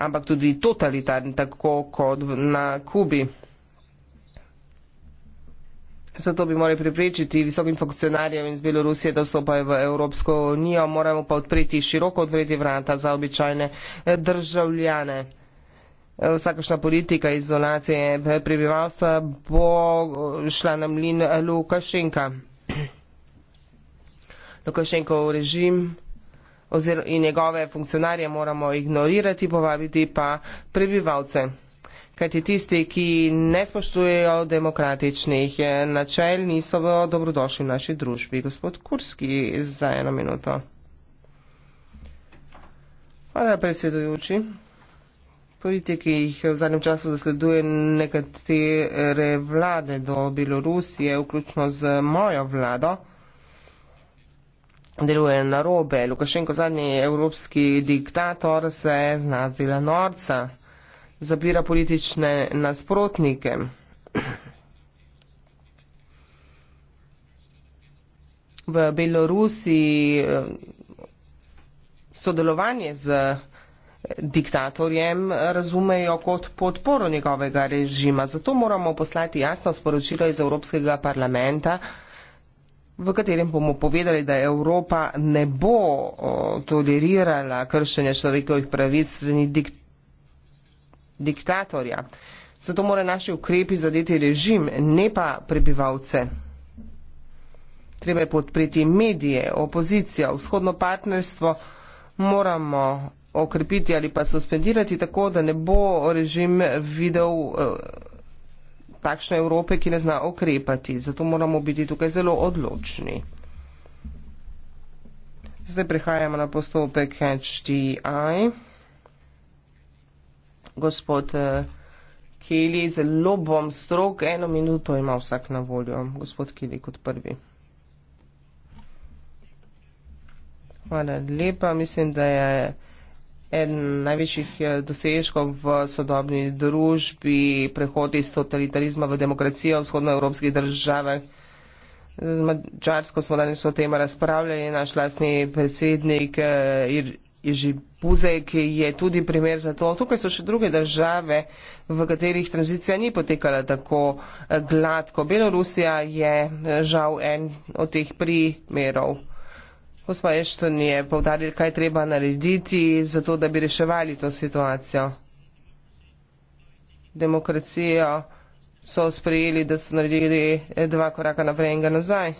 ampak tudi totalitarni, tako kot na Kubi. Zato bi morali preprečiti visokim funkcionarjem iz Belorusije, da vstopajo v Evropsko unijo. Moramo pa odpreti široko odpreti vrata za običajne eh, državljane. Eh, Vsakašna politika izolacije eh, prebivalstva bo šla na mlin Lukašenka. Lukašenkov režim oziroma in njegove funkcionarje moramo ignorirati, povabiti pa prebivalce. Kajti tisti, ki ne spoštujejo demokratičnih načel, niso dobrodošli v naši družbi. Gospod Kurski, za eno minuto. Hvala, predsedujoči. Politiki jih v zadnjem času zasleduje nekatere vlade do Belorusije, vključno z mojo vlado deluje na robe. Lukašenko, zadnji evropski diktator, se zna zdela norca, zapira politične nasprotnike. V Belorusiji eh, sodelovanje z eh, diktatorjem razumejo kot podporo njegovega režima. Zato moramo poslati jasno sporočilo iz Evropskega parlamenta, v katerem bomo povedali, da Evropa ne bo tolerirala kršenja človekovih pravic strani dik diktatorja. Zato mora naši ukrepi zadeti režim, ne pa prebivalce. Treba je podpreti medije, opozicijo, vzhodno partnerstvo, moramo okrepiti ali pa suspendirati tako, da ne bo režim videl. Uh, takšne Evrope, ki ne zna okrepati. Zato moramo biti tukaj zelo odločni. Zdaj prehajamo na postopek HDI. Gospod eh, Keli, zelo bom strok, eno minuto ima vsak na voljo. Gospod Keli kot prvi. Hvala lepa, mislim, da je eden največjih eh, dosežkov v sodobni družbi, prehod iz totalitarizma v demokracijo v vzhodnoevropskih državah. Z Mačarsko smo danes o tem razpravljali, naš lastni predsednik eh, Ježi Buzej, ki je tudi primer za to. Tukaj so še druge države, v katerih tranzicija ni potekala tako eh, gladko. Belorusija je žal en od teh primerov gospa Ešton je povdarjala, kaj treba narediti, zato da bi reševali to situacijo. Demokracijo so sprejeli, da so naredili eh, dva koraka naprej in ga nazaj.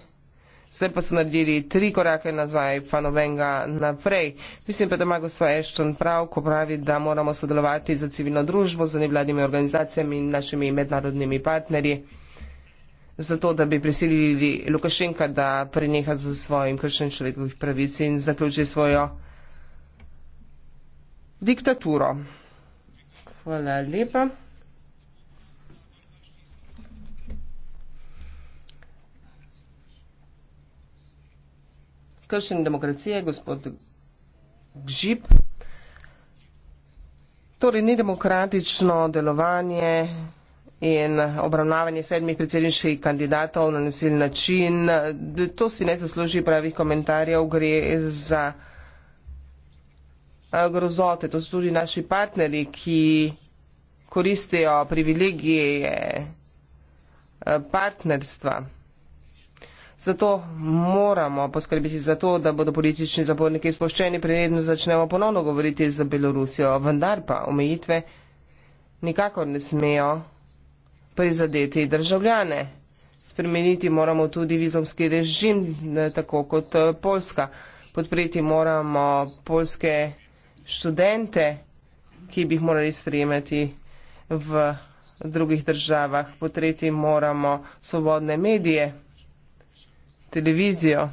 Vse pa so naredili tri korake nazaj, pa novenga naprej. Mislim pa, da ima gospa Ešton prav, ko pravi, da moramo sodelovati za civilno družbo, za nevladnimi organizacijami in našimi mednarodnimi partnerji zato, da bi prisilili Lukašenka, da preneha z svojim kršen človekovih pravic in zaključi svojo diktaturo. Hvala lepa. Kršen demokracije, gospod Gžip. Torej, ni demokratično delovanje in obravnavanje sedmih predsedniških kandidatov na nasilni način. To si ne zasluži pravih komentarjev, gre za eh, grozote. To so tudi naši partnerji, ki koristijo privilegije eh, partnerstva. Zato moramo poskrbiti za to, da bodo politični zaporniki izpoščeni, preden začnemo ponovno govoriti za Belorusijo. Vendar pa omejitve nikakor ne smejo prizadeti državljane. Spremeniti moramo tudi vizomski režim, tako kot eh, Poljska. Podpreti moramo polske študente, ki bi jih morali sprejemati v drugih državah. Podpreti moramo svobodne medije, televizijo.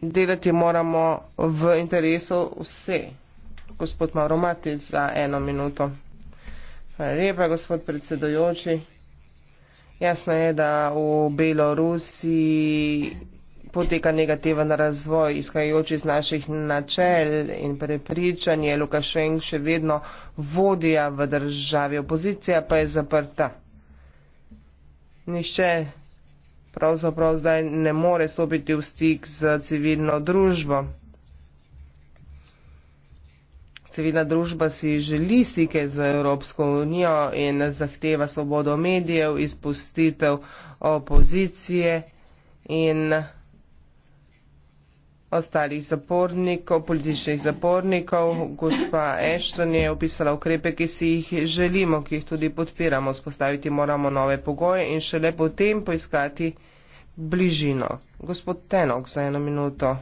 Delati moramo v interesu vse. Gospod Mauro Mati za eno minuto. Hvala lepa, gospod predsedojoči. Jasno je, da v Belorusiji poteka negativen razvoj, izhajajoč iz naših načel in prepričanje. Lukašenk še vedno vodja v državi, opozicija pa je zaprta. Nišče pravzaprav zdaj ne more stopiti v stik z civilno družbo civilna družba si želi stike z Evropsko unijo in zahteva svobodo medijev, izpustitev opozicije in ostalih zapornikov, političnih zapornikov. Gospa Ešton je opisala ukrepe, ki si jih želimo, ki jih tudi podpiramo. Spostaviti moramo nove pogoje in šele potem poiskati bližino. Gospod Tenok, za eno minuto.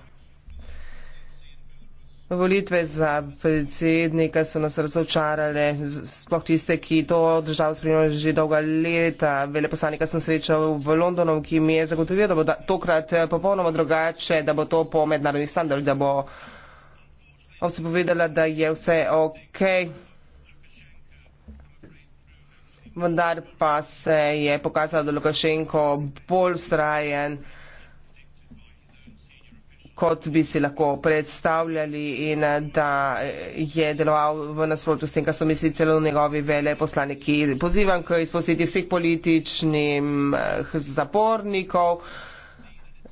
Volitve za predsednika so nas razočarale, sploh tiste, ki to državo spremljajo že dolga leta. Veleposlanika sem srečal v Londonu, ki mi je zagotovil, da bo da, tokrat eh, popolnoma drugače, da bo to po mednarodni standard, da bo ob se povedala, da je vse ok. Vendar pa se je pokazalo, da Lukašenko bolj vztrajen kot bi si lahko predstavljali in da je deloval v nasprotju s tem, kar so mislili celo njegovi vele poslaniki. Pozivam k izpostiti vseh političnih eh, zapornikov,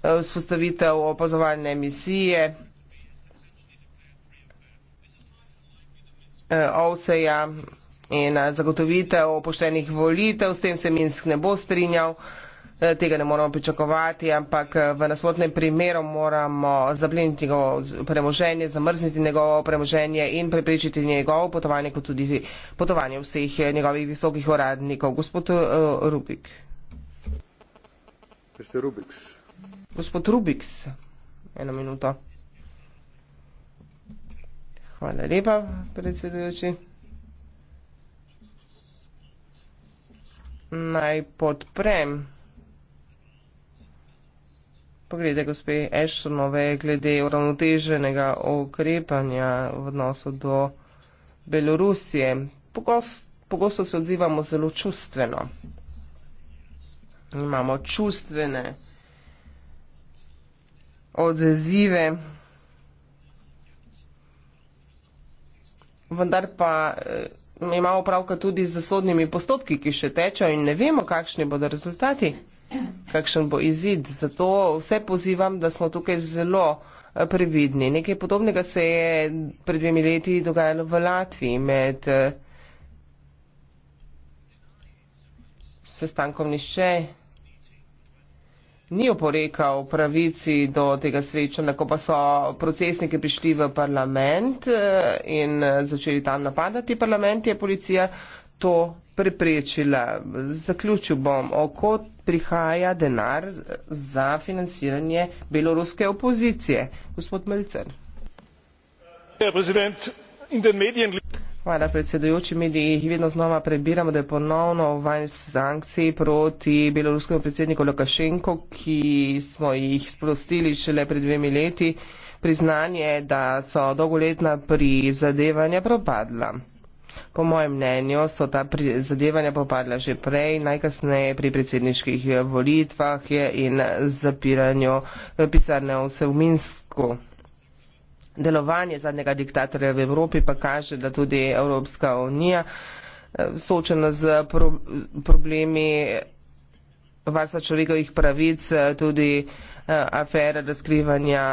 eh, vzpostavitev opazovalne misije. Eh, Ovseja in zagotovitev poštenih volitev, s tem se Minsk ne bo strinjal. Eh, tega ne moramo pričakovati, ampak eh, v nasprotnem primeru moramo zapliniti njegovo premoženje, zamrzniti njegovo premoženje in preprečiti njegovo potovanje, kot tudi potovanje vseh eh, njegovih visokih uradnikov. Gospod Rubik. Mr. Rubiks. Gospod Rubiks. Eno minuto. Hvala lepa, predsedujoči. Naj podprem poglede gospe Ashtonove glede uravnoteženega okrepanja v odnosu do Belorusije. Pogosto, pogosto se odzivamo zelo čustveno. Imamo čustvene odzive. Vendar pa eh, imamo pravka tudi z zasodnimi postopki, ki še tečejo in ne vemo, kakšni bodo rezultati kakšen bo izid. Zato vse pozivam, da smo tukaj zelo eh, previdni. Nekaj podobnega se je pred dvemi leti dogajalo v Latviji med eh, sestankom nišče. Ni oporekal pravici do tega srečanja, ko pa so procesniki prišli v parlament eh, in začeli tam napadati parlament, je policija to preprečila. Zaključil bom. O kot prihaja denar za financiranje beloruske opozicije. Gospod Melcer. Hvala, predsedujoči. Mediji vedno znova prebiramo, da je ponovno uvajen sankcij proti beloruskemu predsedniku Lukašenko, ki smo jih sprostili šele pred dvemi leti. Priznanje, da so dolgoletna prizadevanja propadla. Po mojem mnenju so ta zadevanja popadla že prej, najkasneje pri predsedniških eh, volitvah in zapiranju eh, pisarne vse v Minsku. Delovanje zadnjega diktatorja v Evropi pa kaže, da tudi Evropska unija eh, soočena z pro problemi varstva človekovih pravic, tudi afere razkrivanja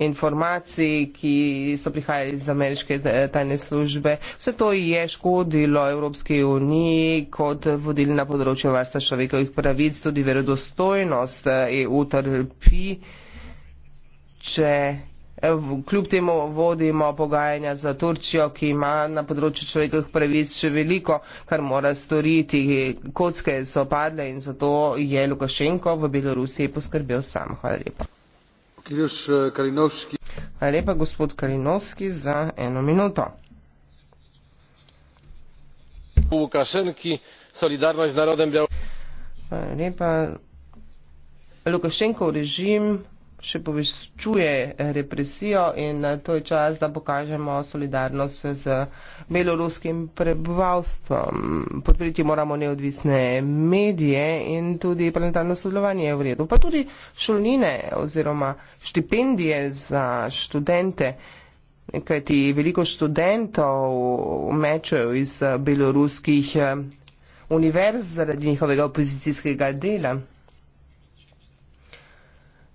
informacij, ki so prihajali iz ameriške eh, tajne službe. Vse to je škodilo Evropske unije kot vodilj na področju varstva človekovih pravic, tudi verodostojnost EU eh, e trpi, če. Eh, kljub temu vodimo pogajanja za Turčijo, ki ima na področju človekovih pravic še veliko, kar mora storiti. Kocke so padle in zato je Lukašenko v Belorusiji poskrbel sam. Hvala lepa. Eh, Hvala lepa, gospod Kalinovski, za eno minuto. Hvala lepa, Lukašenko, režim še povečuje eh, represijo in eh, to je čas, da pokažemo solidarnost z beloruskim prebivalstvom. Podpreti moramo neodvisne medije in tudi planetarno sodelovanje je v redu. Pa tudi šolnine oziroma štipendije za študente, kajti veliko študentov mečejo iz beloruskih eh, univerz zaradi njihovega opozicijskega dela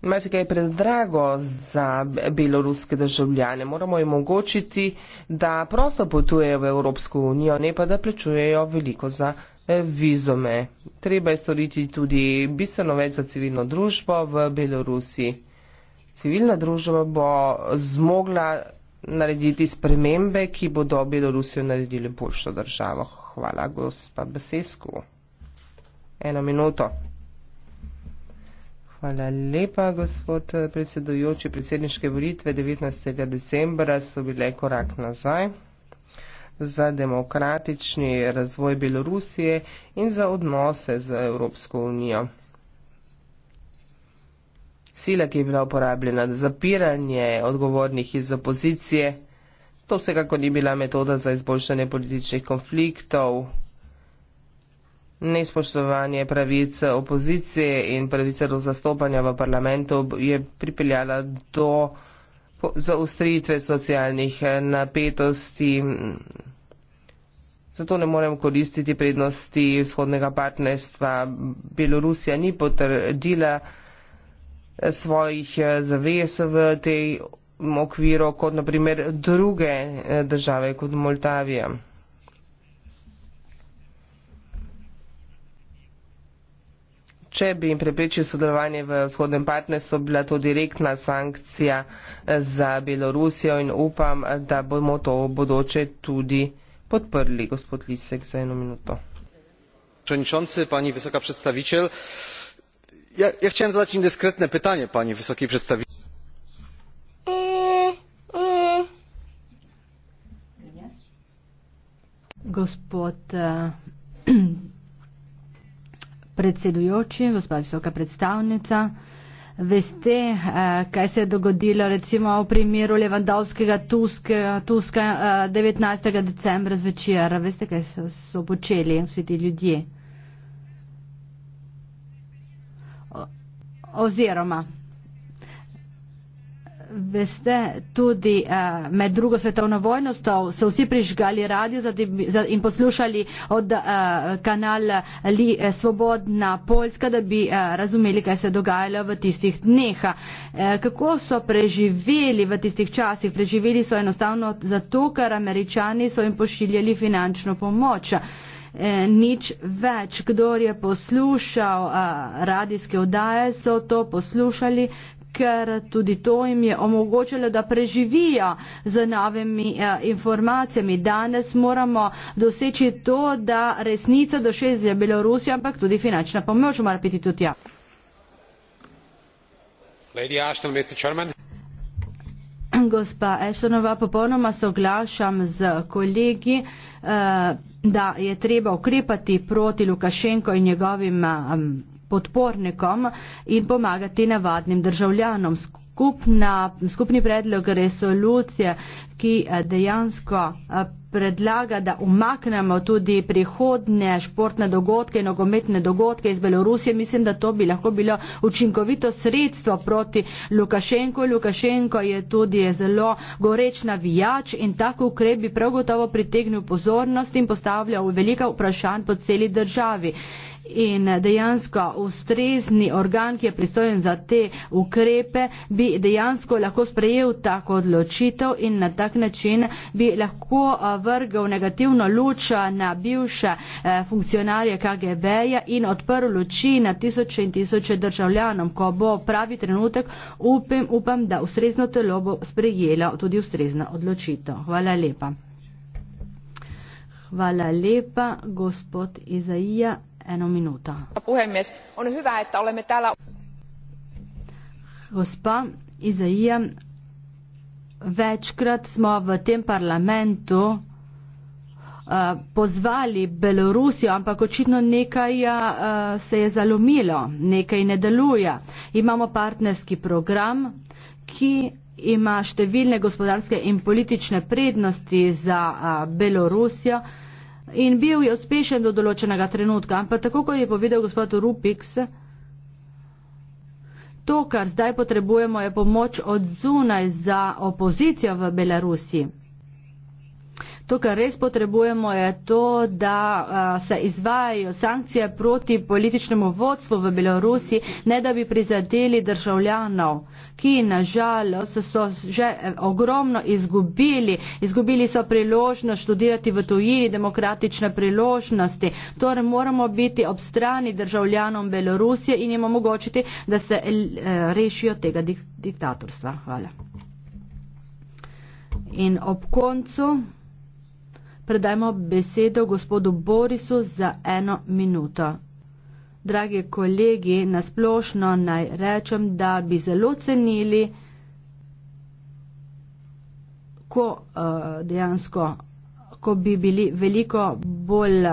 marsikaj je predrago za beloruske državljane. Moramo jim omogočiti, da prosto potujejo v Evropsko unijo, ne pa da plačujejo veliko za eh, vizume. Treba je storiti tudi bistveno več za civilno družbo v Belorusi. Civilna družba bo zmogla narediti spremembe, ki bodo Belorusijo naredili boljšo državo. Hvala, gospa Besesku. Eno minuto. Hvala lepa, gospod eh, predsedujoči. Predsedniške volitve 19. decembra so bile korak nazaj za demokratični razvoj Belorusije in za odnose z Evropsko unijo. Sila, ki je bila uporabljena za zapiranje odgovornih iz opozicije, to vsekako ni bila metoda za izboljšanje političnih konfliktov. Nespoštovanje pravic opozicije in pravice do zastopanja v parlamentu je pripeljala do zaustritve socialnih eh, napetosti. Zato ne morem koristiti prednosti vzhodnega partnerstva. Belorusija ni potrdila eh, svojih eh, zavez v tej okviru kot naprimer druge države kot Moldavija. Če bi jim preprečil sodelovanje v vzhodnem partnerstvu, bila to direktna sankcija eh, za Belorusijo in upam, da bomo to v bodoče tudi podprli. Gospod Lisek, za eno minuto. Przewodniczący, pani wysoka przedstawiciel, ja, ja chciałem zadać indyskretne pytanie pani wysokiej przedstawiciel. Gospod eh, predsedujoči, gospod visoka predstavnica, veste, eh, kaj se je dogodilo recimo v primeru Levandovskega Tuska 19. Eh, decembra zvečer, veste, kaj so, so počeli vsi ti ljudje. Oziroma, veste, tudi uh, med drugo svetovno vojno so, so vsi prižgali radio zati, za, in poslušali od uh, eh, kanala Li, eh, Svobodna Poljska, da bi uh, razumeli, kaj se je dogajalo v tistih dneh. Uh, kako so preživeli v tistih časih? Preživeli so enostavno zato, ker američani so jim pošiljali finančno pomoč. Nič več, kdo je poslušal uh, radijske odaje, so to poslušali, ker tudi to jim je omogočilo, da preživijo z novimi eh, informacijami. Danes moramo doseči to, da resnica došezi Belorusija, ampak tudi finančna pomoč mora biti tudi ja. Gospa Ešonova, popolnoma soglašam z kolegi, eh, da je treba ukrepati proti Lukašenko in njegovim eh, podpornikom in pomagati navadnim državljanom. Skupna, skupni predlog resolucije, ki eh, dejansko eh, predlaga, da umaknemo tudi prihodne športne dogodke in nogometne dogodke iz Belorusije, mislim, da to bi lahko bilo učinkovito sredstvo proti Lukašenko. Lukašenko je tudi zelo goreč navijač in tako ukrep bi prav gotovo pritegnil pozornost in postavljal velika vprašanj po celi državi in dejansko ustrezni organ, ki je pristojen za te ukrepe, bi dejansko lahko sprejel tako odločitev in na tak način bi lahko vrgel negativno luč na bivše e, funkcionarje KGB-ja in odprl luči na tisoče in tisoče državljanom. Ko bo pravi trenutek, upim, upam, da ustrezno telo bo sprejelo tudi ustrezno odločitev. Hvala lepa. Hvala lepa, gospod Izaija arvoisa puhemies on hyvä että olemme täällä Gospa Izaija, večkrat smo v tem parlamentu uh, pozvali Belorusijo, ampak očitno nekaj uh, se je zalomilo, nekaj ne deluje. Imamo partnerski program, ki ima številne gospodarske in politične prednosti za uh, Belorusijo in bil je uspešen do določenega trenutka. Ampak tako, kot je povedal gospod Rupiks, to, kar zdaj potrebujemo, je pomoč od zunaj za opozicijo v Belarusiji. To, kar res potrebujemo, je to, da se izvajajo sankcije proti političnemu vodstvu v Belorusiji, ne da bi prizadeli državljanov, ki nažalost so že ogromno izgubili. Izgubili so priložnost študirati v tujini, demokratične priložnosti. Torej moramo biti ob strani državljanom Belorusije in jim omogočiti, da se e, rešijo tega diktatorstva. Hvala. In ob koncu predajmo besedo gospodu Borisu za eno minuto. Dragi kolegi, nasplošno naj rečem, da bi zelo cenili, ko uh, dejansko, ko bi bili veliko bolj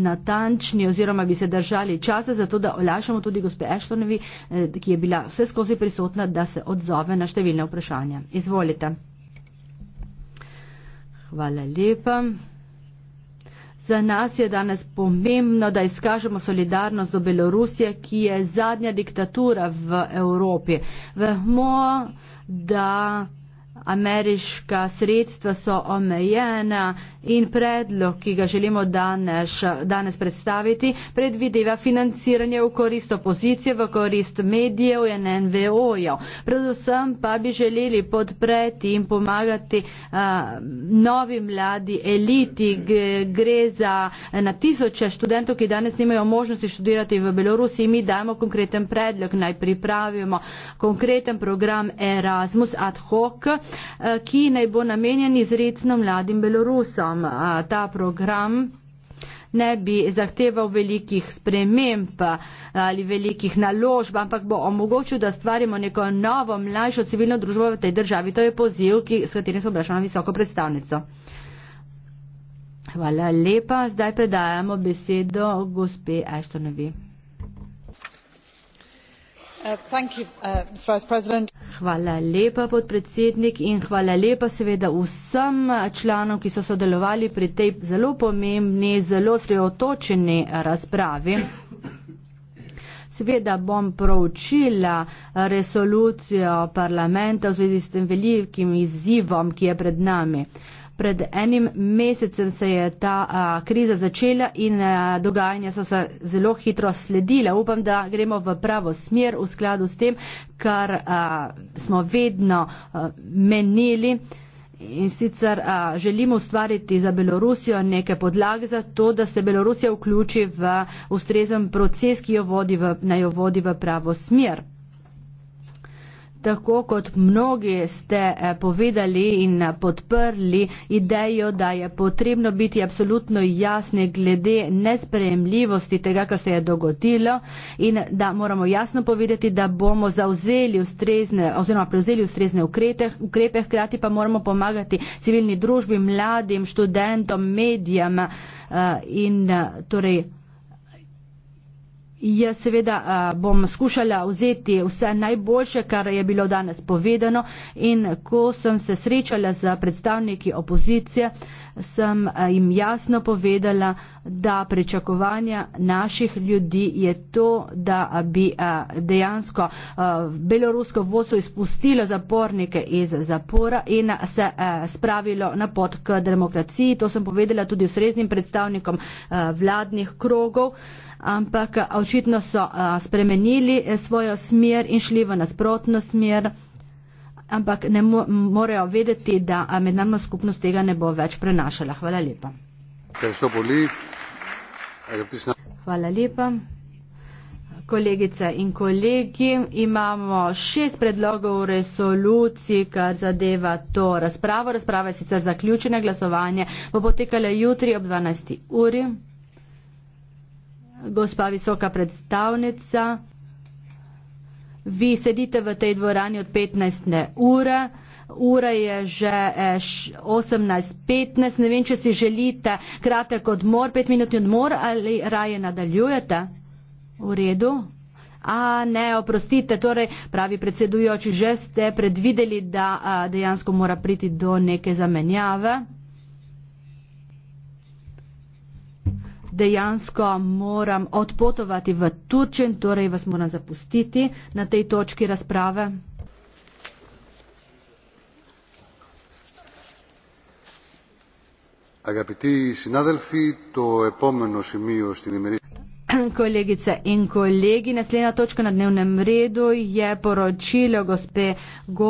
natančni oziroma bi se držali časa za to, da olajšamo tudi gospe Eštonovi, eh, ki je bila vse skozi prisotna, da se odzove na številne vprašanja. Izvolite. Hvala lepa. Za nas je danes pomembno, da izkažemo solidarnost do Belorusije, ki je zadnja diktatura v Evropi. Vemo, da ameriška sredstva so omejena in predlog, ki ga želimo danes, danes predstaviti, predvideva financiranje v korist opozicije, v korist medijev in NVO-jev. Predvsem pa bi želeli podpreti in pomagati a, novi mladi eliti, gre za na tisoče študentov, ki danes nimajo možnosti študirati v Belorusiji. Mi dajemo konkreten predlog, naj pripravimo konkreten program Erasmus ad hoc. Eh, ki naj bo namenjen izredno mladim Belorusom. Ta program ne bi zahteval velikih sprememb eh, ali velikih naložb, ampak bo omogočil, da stvarimo neko novo, mlajšo civilno družbo v tej državi. To je poziv, ki, s katerim se obrašamo na visoko predstavnico. Hvala lepa. Zdaj predajamo besedo gospe Eštonovi. Uh, uh, hvala lepa, podpredsednik, in hvala lepa seveda vsem članom, ki so sodelovali pri tej zelo pomembni, zelo sreotočeni razpravi. Seveda bom proučila resolucijo parlamenta v zvezi s tem velikim izzivom, ki je pred nami pred enim mesecem se je ta a, kriza začela in a, dogajanja so se zelo hitro sledila. Upam, da gremo v pravo smer v skladu s tem, kar a, smo vedno a, menili. In sicer a, želimo ustvariti za Belorusijo neke podlage za to, da se Belorusija vključi v ustrezen proces, ki jo vodi v, jo vodi v pravo smer tako kot mnogi ste eh, povedali in eh, podprli idejo, da je potrebno biti absolutno jasni glede nesprejemljivosti tega, kar se je dogodilo in da moramo jasno povedati, da bomo zauzeli ustrezne oziroma prevzeli ustrezne ukrete, ukrepe, hkrati pa moramo pomagati civilni družbi, mladim, študentom, medijem eh, in torej Jaz seveda bom skušala vzeti vse najboljše, kar je bilo danes povedano in ko sem se srečala z predstavniki opozicije, sem eh, jim jasno povedala, da prečakovanja naših ljudi je to, da bi eh, dejansko eh, belorusko vodstvo izpustilo zapornike iz zapora in se spravilo na pot k demokraciji. To sem povedala tudi osreznim predstavnikom vladnih krogov, ampak očitno so spremenili svojo smer in šli v nasprotno smer ampak ne mo morejo vedeti, da mednarodna skupnost tega ne bo več prenašala. Hvala lepa. Hvala lepa. Kolegice in kolegi, imamo šest predlogov v resoluciji, kar zadeva to razpravo. Razprava je sicer zaključena, glasovanje bo potekalo jutri ob 12. uri. Gospa visoka predstavnica vi sedite v tej dvorani od 15. ure, ura je že 18.15, eh, ne vem, če si želite kratek odmor, pet minut odmor ali raje nadaljujete. V redu. A ne, oprostite, torej pravi predsedujoči, že ste predvideli, da a, eh, dejansko mora priti do neke zamenjave. dejansko moram odpotovati v Turčijo in torej vas moram zapustiti na tej točki razprave. Kolegice in kolegi, naslednja točka na dnevnem redu je poročilo gospe Go.